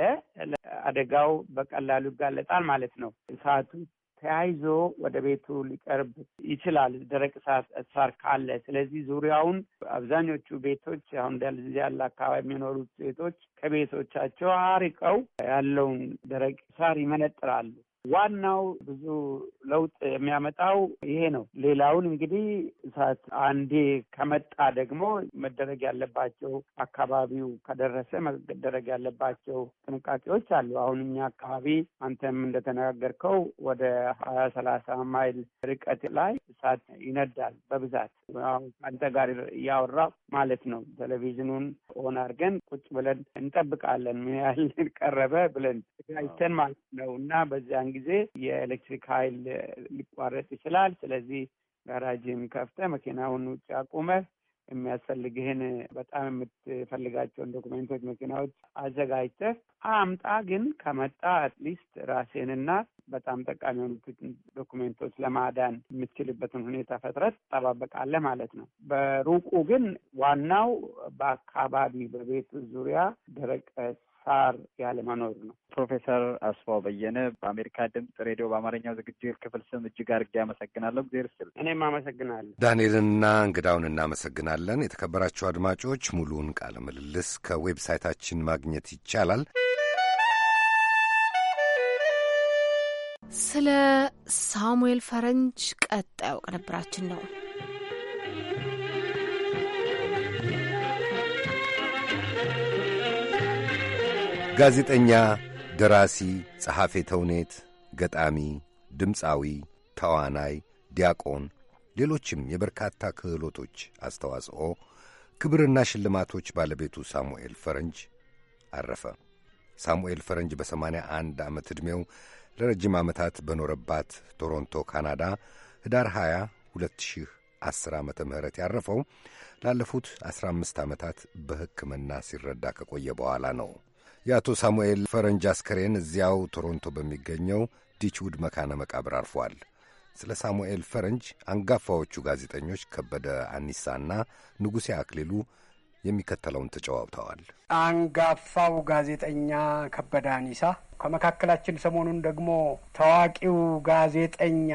አደጋው በቀላሉ ይጋለጣል ማለት ነው። እሳቱ ተያይዞ ወደ ቤቱ ሊቀርብ ይችላል፣ ደረቅ ሳር ካለ። ስለዚህ ዙሪያውን አብዛኞቹ ቤቶች አሁን እንደዚህ ያለ አካባቢ የሚኖሩት ቤቶች ከቤቶቻቸው አርቀው ያለውን ደረቅ ሳር ይመነጥራሉ። ዋናው ብዙ ለውጥ የሚያመጣው ይሄ ነው። ሌላውን እንግዲህ እሳት አንዴ ከመጣ ደግሞ መደረግ ያለባቸው አካባቢው ከደረሰ መደረግ ያለባቸው ጥንቃቄዎች አሉ። አሁን እኛ አካባቢ አንተም እንደተነጋገርከው ወደ ሀያ ሰላሳ ማይል ርቀት ላይ እሳት ይነዳል በብዛት አንተ ጋር እያወራ ማለት ነው። ቴሌቪዥኑን ኦን አድርገን ቁጭ ብለን እንጠብቃለን ምን ያህል ቀረበ ብለን ተጋጅተን ማለት ነው እና በዚያን ጊዜ የኤሌክትሪክ ኃይል ሊቋረጥ ይችላል። ስለዚህ ጋራጅ ከፍተ መኪናውን ውጭ አቁመ የሚያስፈልግህን በጣም የምትፈልጋቸውን ዶኩሜንቶች፣ መኪናዎች አዘጋጅተህ አምጣ። ግን ከመጣ አትሊስት ራሴንና በጣም ጠቃሚ የሆኑትን ዶኩሜንቶች ለማዳን የምትችልበትን ሁኔታ ፈጥረት ትጠባበቃለህ ማለት ነው። በሩቁ ግን ዋናው በአካባቢ በቤት ዙሪያ ደረቀ ሳር ያለ መኖር ነው። ፕሮፌሰር አስፋው በየነ በአሜሪካ ድምፅ ሬዲዮ በአማርኛው ዝግጅት ክፍል ስም እጅግ አድርጌ አመሰግናለሁ። እግዜር ስል እኔም አመሰግናለሁ። ዳንኤልንና እንግዳውን እናመሰግናለን። የተከበራችሁ አድማጮች ሙሉውን ቃለ ምልልስ ከዌብሳይታችን ማግኘት ይቻላል። ስለ ሳሙኤል ፈረንጅ ቀጣዩ ቅንብራችን ነው። ጋዜጠኛ፣ ደራሲ፣ ጸሐፌ ተውኔት፣ ገጣሚ፣ ድምፃዊ፣ ተዋናይ፣ ዲያቆን፣ ሌሎችም የበርካታ ክህሎቶች አስተዋጽኦ ክብርና ሽልማቶች ባለቤቱ ሳሙኤል ፈረንጅ አረፈ። ሳሙኤል ፈረንጅ በ81 ዓመት ዕድሜው ለረጅም ዓመታት በኖረባት ቶሮንቶ ካናዳ ህዳር 20 2010 ዓ ምህረት ያረፈው ላለፉት 15 ዓመታት በሕክምና ሲረዳ ከቆየ በኋላ ነው። የአቶ ሳሙኤል ፈረንጅ አስከሬን እዚያው ቶሮንቶ በሚገኘው ዲችውድ መካነ መቃብር አርፏል። ስለ ሳሙኤል ፈረንጅ አንጋፋዎቹ ጋዜጠኞች ከበደ አኒሳና ንጉሴ አክሊሉ የሚከተለውን ተጨዋውተዋል። አንጋፋው ጋዜጠኛ ከበደ አኒሳ ከመካከላችን ሰሞኑን ደግሞ ታዋቂው ጋዜጠኛ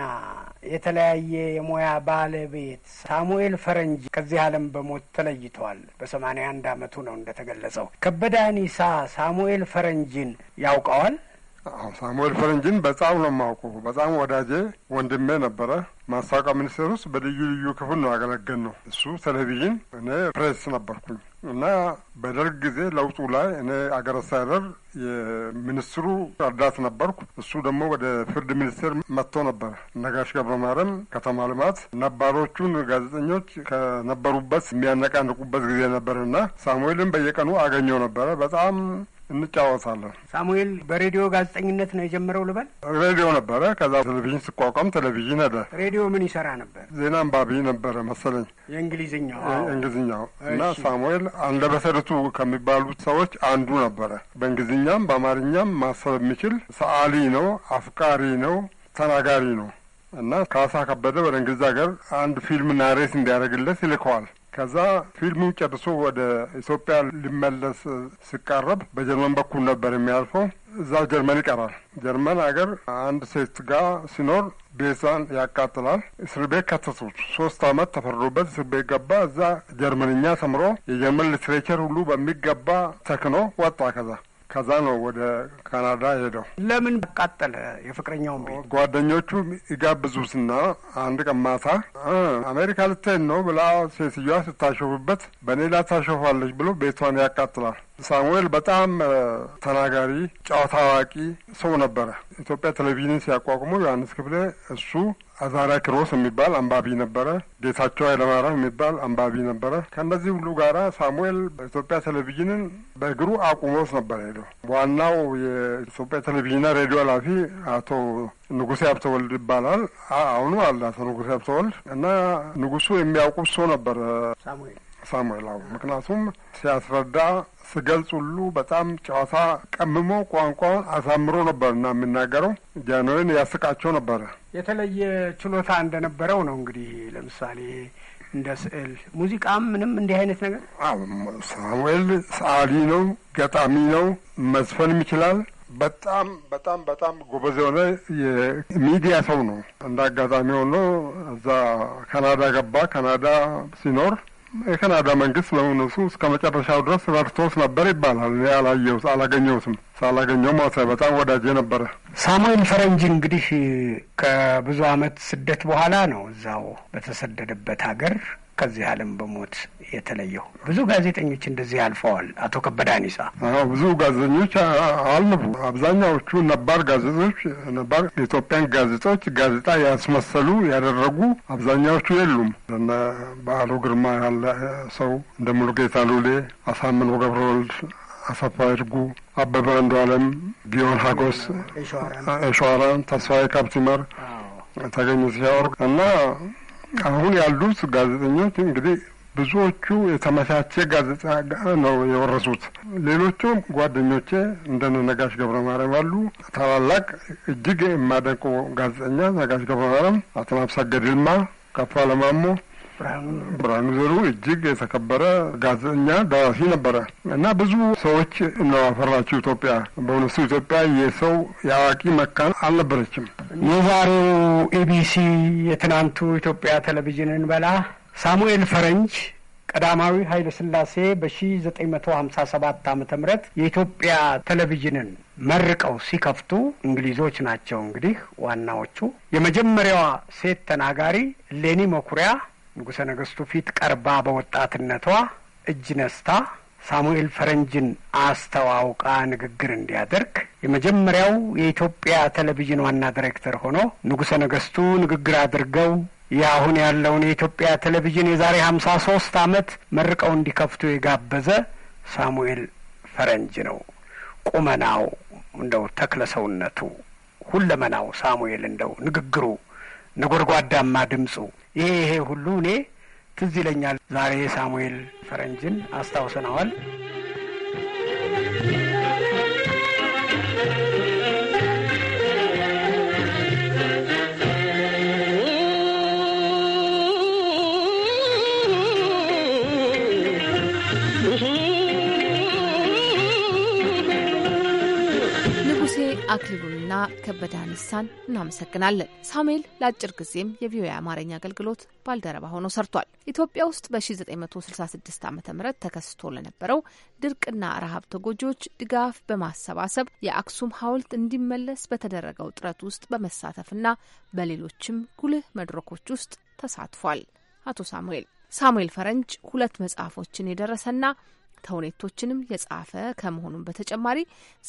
የተለያየ የሙያ ባለቤት ሳሙኤል ፈረንጅ ከዚህ ዓለም በሞት ተለይተዋል። በሰማንያ አንድ አመቱ ነው እንደተገለጸው። ከበደ አኒሳ ሳሙኤል ፈረንጅን ያውቀዋል። ሳሙኤል ፈረንጅን በጣም ነው የማውቀው። በጣም ወዳጄ ወንድሜ ነበረ። ማስታወቂያ ሚኒስቴር ውስጥ በልዩ ልዩ ክፍል ነው ያገለገል ነው እሱ ቴሌቪዥን፣ እኔ ፕሬስ ነበርኩኝ እና በደርግ ጊዜ ለውጡ ላይ እኔ አገረ ሳይደር የሚኒስትሩ ረዳት ነበርኩ። እሱ ደግሞ ወደ ፍርድ ሚኒስቴር መጥቶ ነበር። ነጋሽ ገብረ ማርያም ከተማ ልማት ነባሮቹን ጋዜጠኞች ከነበሩበት የሚያነቃንቁበት ጊዜ ነበር እና ሳሙኤልን በየቀኑ አገኘው ነበረ በጣም እንጫወታለን። ሳሙኤል በሬዲዮ ጋዜጠኝነት ነው የጀመረው ልበል? ሬዲዮ ነበረ። ከዛ ቴሌቪዥን ሲቋቋም ቴሌቪዥን ሄደ። ሬዲዮ ምን ይሰራ ነበር? ዜና አንባቢ ነበረ መሰለኝ፣ የእንግሊዝኛው እንግሊዝኛው። እና ሳሙኤል አንደ ርቱ ከሚባሉት ሰዎች አንዱ ነበረ። በእንግሊዝኛም በአማርኛም ማሰብ የሚችል ሰዓሊ ነው፣ አፍቃሪ ነው፣ ተናጋሪ ነው። እና ካሳ ከበደ ወደ እንግሊዝ ሀገር አንድ ፊልም ናሬት እንዲያደርግለት ይልከዋል። ከዛ ፊልሙ ጨርሶ ወደ ኢትዮጵያ ሊመለስ ሲቃረብ በጀርመን በኩል ነበር የሚያልፈው። እዛ ጀርመን ይቀራል። ጀርመን አገር አንድ ሴት ጋር ሲኖር ቤዛን ያቃጥላል። እስር ቤት ከተቱት። ሶስት አመት ተፈርዶበት እስር ቤት ገባ። እዛ ጀርመንኛ ተምሮ የጀርመን ሊትሬቸር ሁሉ በሚገባ ተክኖ ወጣ። ከዛ ከዛ ነው ወደ ካናዳ ሄደው። ለምን አቃጠለ? የፍቅረኛውን ቤት ጓደኞቹ ይጋብዙትና አንድ ቀን ማታ አሜሪካ ልትሄድ ነው ብላ ሴትዮዋ ስታሸፉበት በኔላ ታሸፏለች ብሎ ቤቷን ያቃጥላል። ሳሙኤል በጣም ተናጋሪ፣ ጨዋታ አዋቂ ሰው ነበረ። ኢትዮጵያ ቴሌቪዥን ሲያቋቁሙ ዮሐንስ ክፍሌ እሱ አዛራ ክሮስ የሚባል አንባቢ ነበረ። ጌታቸው ኃይለማርያም የሚባል አንባቢ ነበረ። ከእነዚህ ሁሉ ጋራ ሳሙኤል በኢትዮጵያ ቴሌቪዥንን በእግሩ አቁሞት ነበር ሄደው። ዋናው የኢትዮጵያ ቴሌቪዥንና ሬዲዮ ኃላፊ አቶ ንጉሴ ሀብተወልድ ይባላል። አሁኑ አለ አቶ ንጉሴ ሀብተወልድ እና ንጉሱ የሚያውቁ ሰው ነበር ሳሙኤል ሳሙኤል። ምክንያቱም ሲያስረዳ ስገልጽ ሁሉ በጣም ጨዋታ ቀምሞ ቋንቋውን አሳምሮ እና የሚናገረው ጃንሆይን ያስቃቸው ነበረ። የተለየ ችሎታ እንደነበረው ነው እንግዲህ ለምሳሌ እንደ ስዕል፣ ሙዚቃም ምንም እንዲህ አይነት ነገር ሳሙኤል ሰዓሊ ነው፣ ገጣሚ ነው፣ መዝፈንም ይችላል። በጣም በጣም በጣም ጎበዝ የሆነ የሚዲያ ሰው ነው። እንደ አጋጣሚ ሆኖ እዛ ካናዳ ገባ። ካናዳ ሲኖር የካናዳ መንግስት በእውነቱ እስከ መጨረሻው ድረስ ረድቶት ነበር ይባላል። እኔ አላየው አላገኘሁትም። ሳላገኘው ማሰ በጣም ወዳጄ ነበረ። ሳሙኤል ፈረንጂ እንግዲህ ከብዙ አመት ስደት በኋላ ነው እዛው በተሰደደበት ሀገር ከዚህ ዓለም በሞት የተለየው። ብዙ ጋዜጠኞች እንደዚህ አልፈዋል። አቶ ከበደ አኒሳ ብዙ ጋዜጠኞች አለፉ። አብዛኛዎቹ ነባር ጋዜጦች ነባር የኢትዮጵያን ጋዜጦች ጋዜጣ ያስመሰሉ ያደረጉ አብዛኛዎቹ የሉም። እነ በዓሉ ግርማ ያለ ሰው እንደ ሙሉጌታ ሉሌ፣ አሳምነው ገብረወልድ፣ አሰፋ ይርጉ፣ አበበ አንዱዓለም፣ ቢዮን ሀጎስ፣ ኤሸዋራን ተስፋዬ ካፕቲመር፣ ተገኙ ሲያወርቅ እና አሁን ያሉት ጋዜጠኞች እንግዲህ ብዙዎቹ የተመቻቸ ጋዜጣ ነው የወረሱት። ሌሎቹም ጓደኞቼ እንደ ነጋሽ ገብረ ማርያም አሉ ታላላቅ እጅግ የማደንቁ ጋዜጠኛ ነጋሽ ገብረ ማርያም፣ አቶ ነፍሰገ ድልማ፣ ከፋ ለማሞ ብርሃኑ ዘሩ እጅግ የተከበረ ጋዜጠኛ ደራሲ ነበረ እና ብዙ ሰዎች ነው ኢትዮጵያ። በእውነቱ ኢትዮጵያ የሰው የአዋቂ መካን አልነበረችም። የዛሬው ኢቢሲ የትናንቱ ኢትዮጵያ ቴሌቪዥንን በላ ሳሙኤል ፈረንጅ ቀዳማዊ ኃይለ ሥላሴ በ1957 ዓ ም የኢትዮጵያ ቴሌቪዥንን መርቀው ሲከፍቱ እንግሊዞች ናቸው እንግዲህ ዋናዎቹ። የመጀመሪያዋ ሴት ተናጋሪ ሌኒ መኩሪያ ንጉሠ ነገሥቱ ፊት ቀርባ በወጣትነቷ እጅ ነስታ ሳሙኤል ፈረንጅን አስተዋውቃ ንግግር እንዲያደርግ የመጀመሪያው የኢትዮጵያ ቴሌቪዥን ዋና ዲሬክተር ሆኖ ንጉሠ ነገሥቱ ንግግር አድርገው የአሁን ያለውን የኢትዮጵያ ቴሌቪዥን የዛሬ ሀምሳ ሶስት አመት መርቀው እንዲከፍቱ የጋበዘ ሳሙኤል ፈረንጅ ነው። ቁመናው እንደው ተክለ ሰውነቱ ሁለመናው ሳሙኤል እንደው ንግግሩ ነጎድጓዳማ ድምፁ ይሄ ይሄ ሁሉ እኔ ትዝ ይለኛል። ዛሬ ሳሙኤል ፈረንጅን አስታውሰነዋል። አክሊሉንና ከበደ አኒሳን እናመሰግናለን። ሳሙኤል ለአጭር ጊዜም የቪኦኤ አማርኛ አገልግሎት ባልደረባ ሆኖ ሰርቷል። ኢትዮጵያ ውስጥ በ1966 ዓ ም ተከስቶ ለነበረው ድርቅና ረሃብ ተጎጂዎች ድጋፍ በማሰባሰብ የአክሱም ሐውልት እንዲመለስ በተደረገው ጥረት ውስጥ በመሳተፍና በሌሎችም ጉልህ መድረኮች ውስጥ ተሳትፏል። አቶ ሳሙኤል ሳሙኤል ፈረንጅ ሁለት መጽሐፎችን የደረሰና ተውኔቶችንም የጻፈ ከመሆኑም በተጨማሪ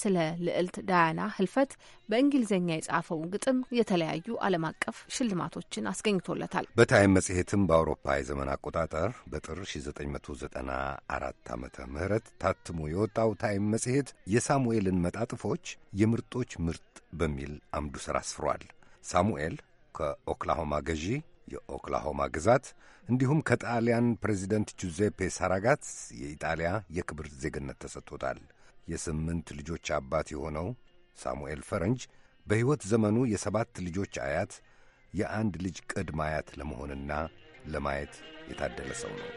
ስለ ልዕልት ዳያና ህልፈት በእንግሊዝኛ የጻፈው ግጥም የተለያዩ ዓለም አቀፍ ሽልማቶችን አስገኝቶለታል። በታይም መጽሔትም በአውሮፓ የዘመን አቆጣጠር በጥር 1994 ዓ ም ታትሞ የወጣው ታይም መጽሔት የሳሙኤልን መጣጥፎች የምርጦች ምርጥ በሚል አምዱ ስር አስፍሯል። ሳሙኤል ከኦክላሆማ ገዢ የኦክላሆማ ግዛት እንዲሁም ከጣሊያን ፕሬዚደንት ጁዜፔ ሳራጋት የኢጣሊያ የክብር ዜግነት ተሰጥቶታል። የስምንት ልጆች አባት የሆነው ሳሙኤል ፈረንጅ በሕይወት ዘመኑ የሰባት ልጆች አያት፣ የአንድ ልጅ ቅድመ አያት ለመሆንና ለማየት የታደለ ሰው ነው።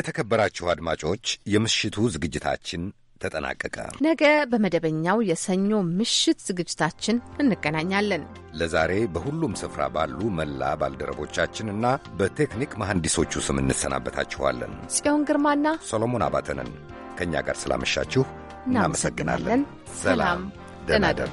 የተከበራችሁ አድማጮች የምሽቱ ዝግጅታችን ተጠናቀቀ። ነገ በመደበኛው የሰኞ ምሽት ዝግጅታችን እንገናኛለን። ለዛሬ በሁሉም ስፍራ ባሉ መላ ባልደረቦቻችንና በቴክኒክ መሐንዲሶቹ ስም እንሰናበታችኋለን። ጽዮን ግርማና ሰሎሞን አባተንን ከእኛ ጋር ስላመሻችሁ እናመሰግናለን። ሰላም፣ ደህና እደሩ።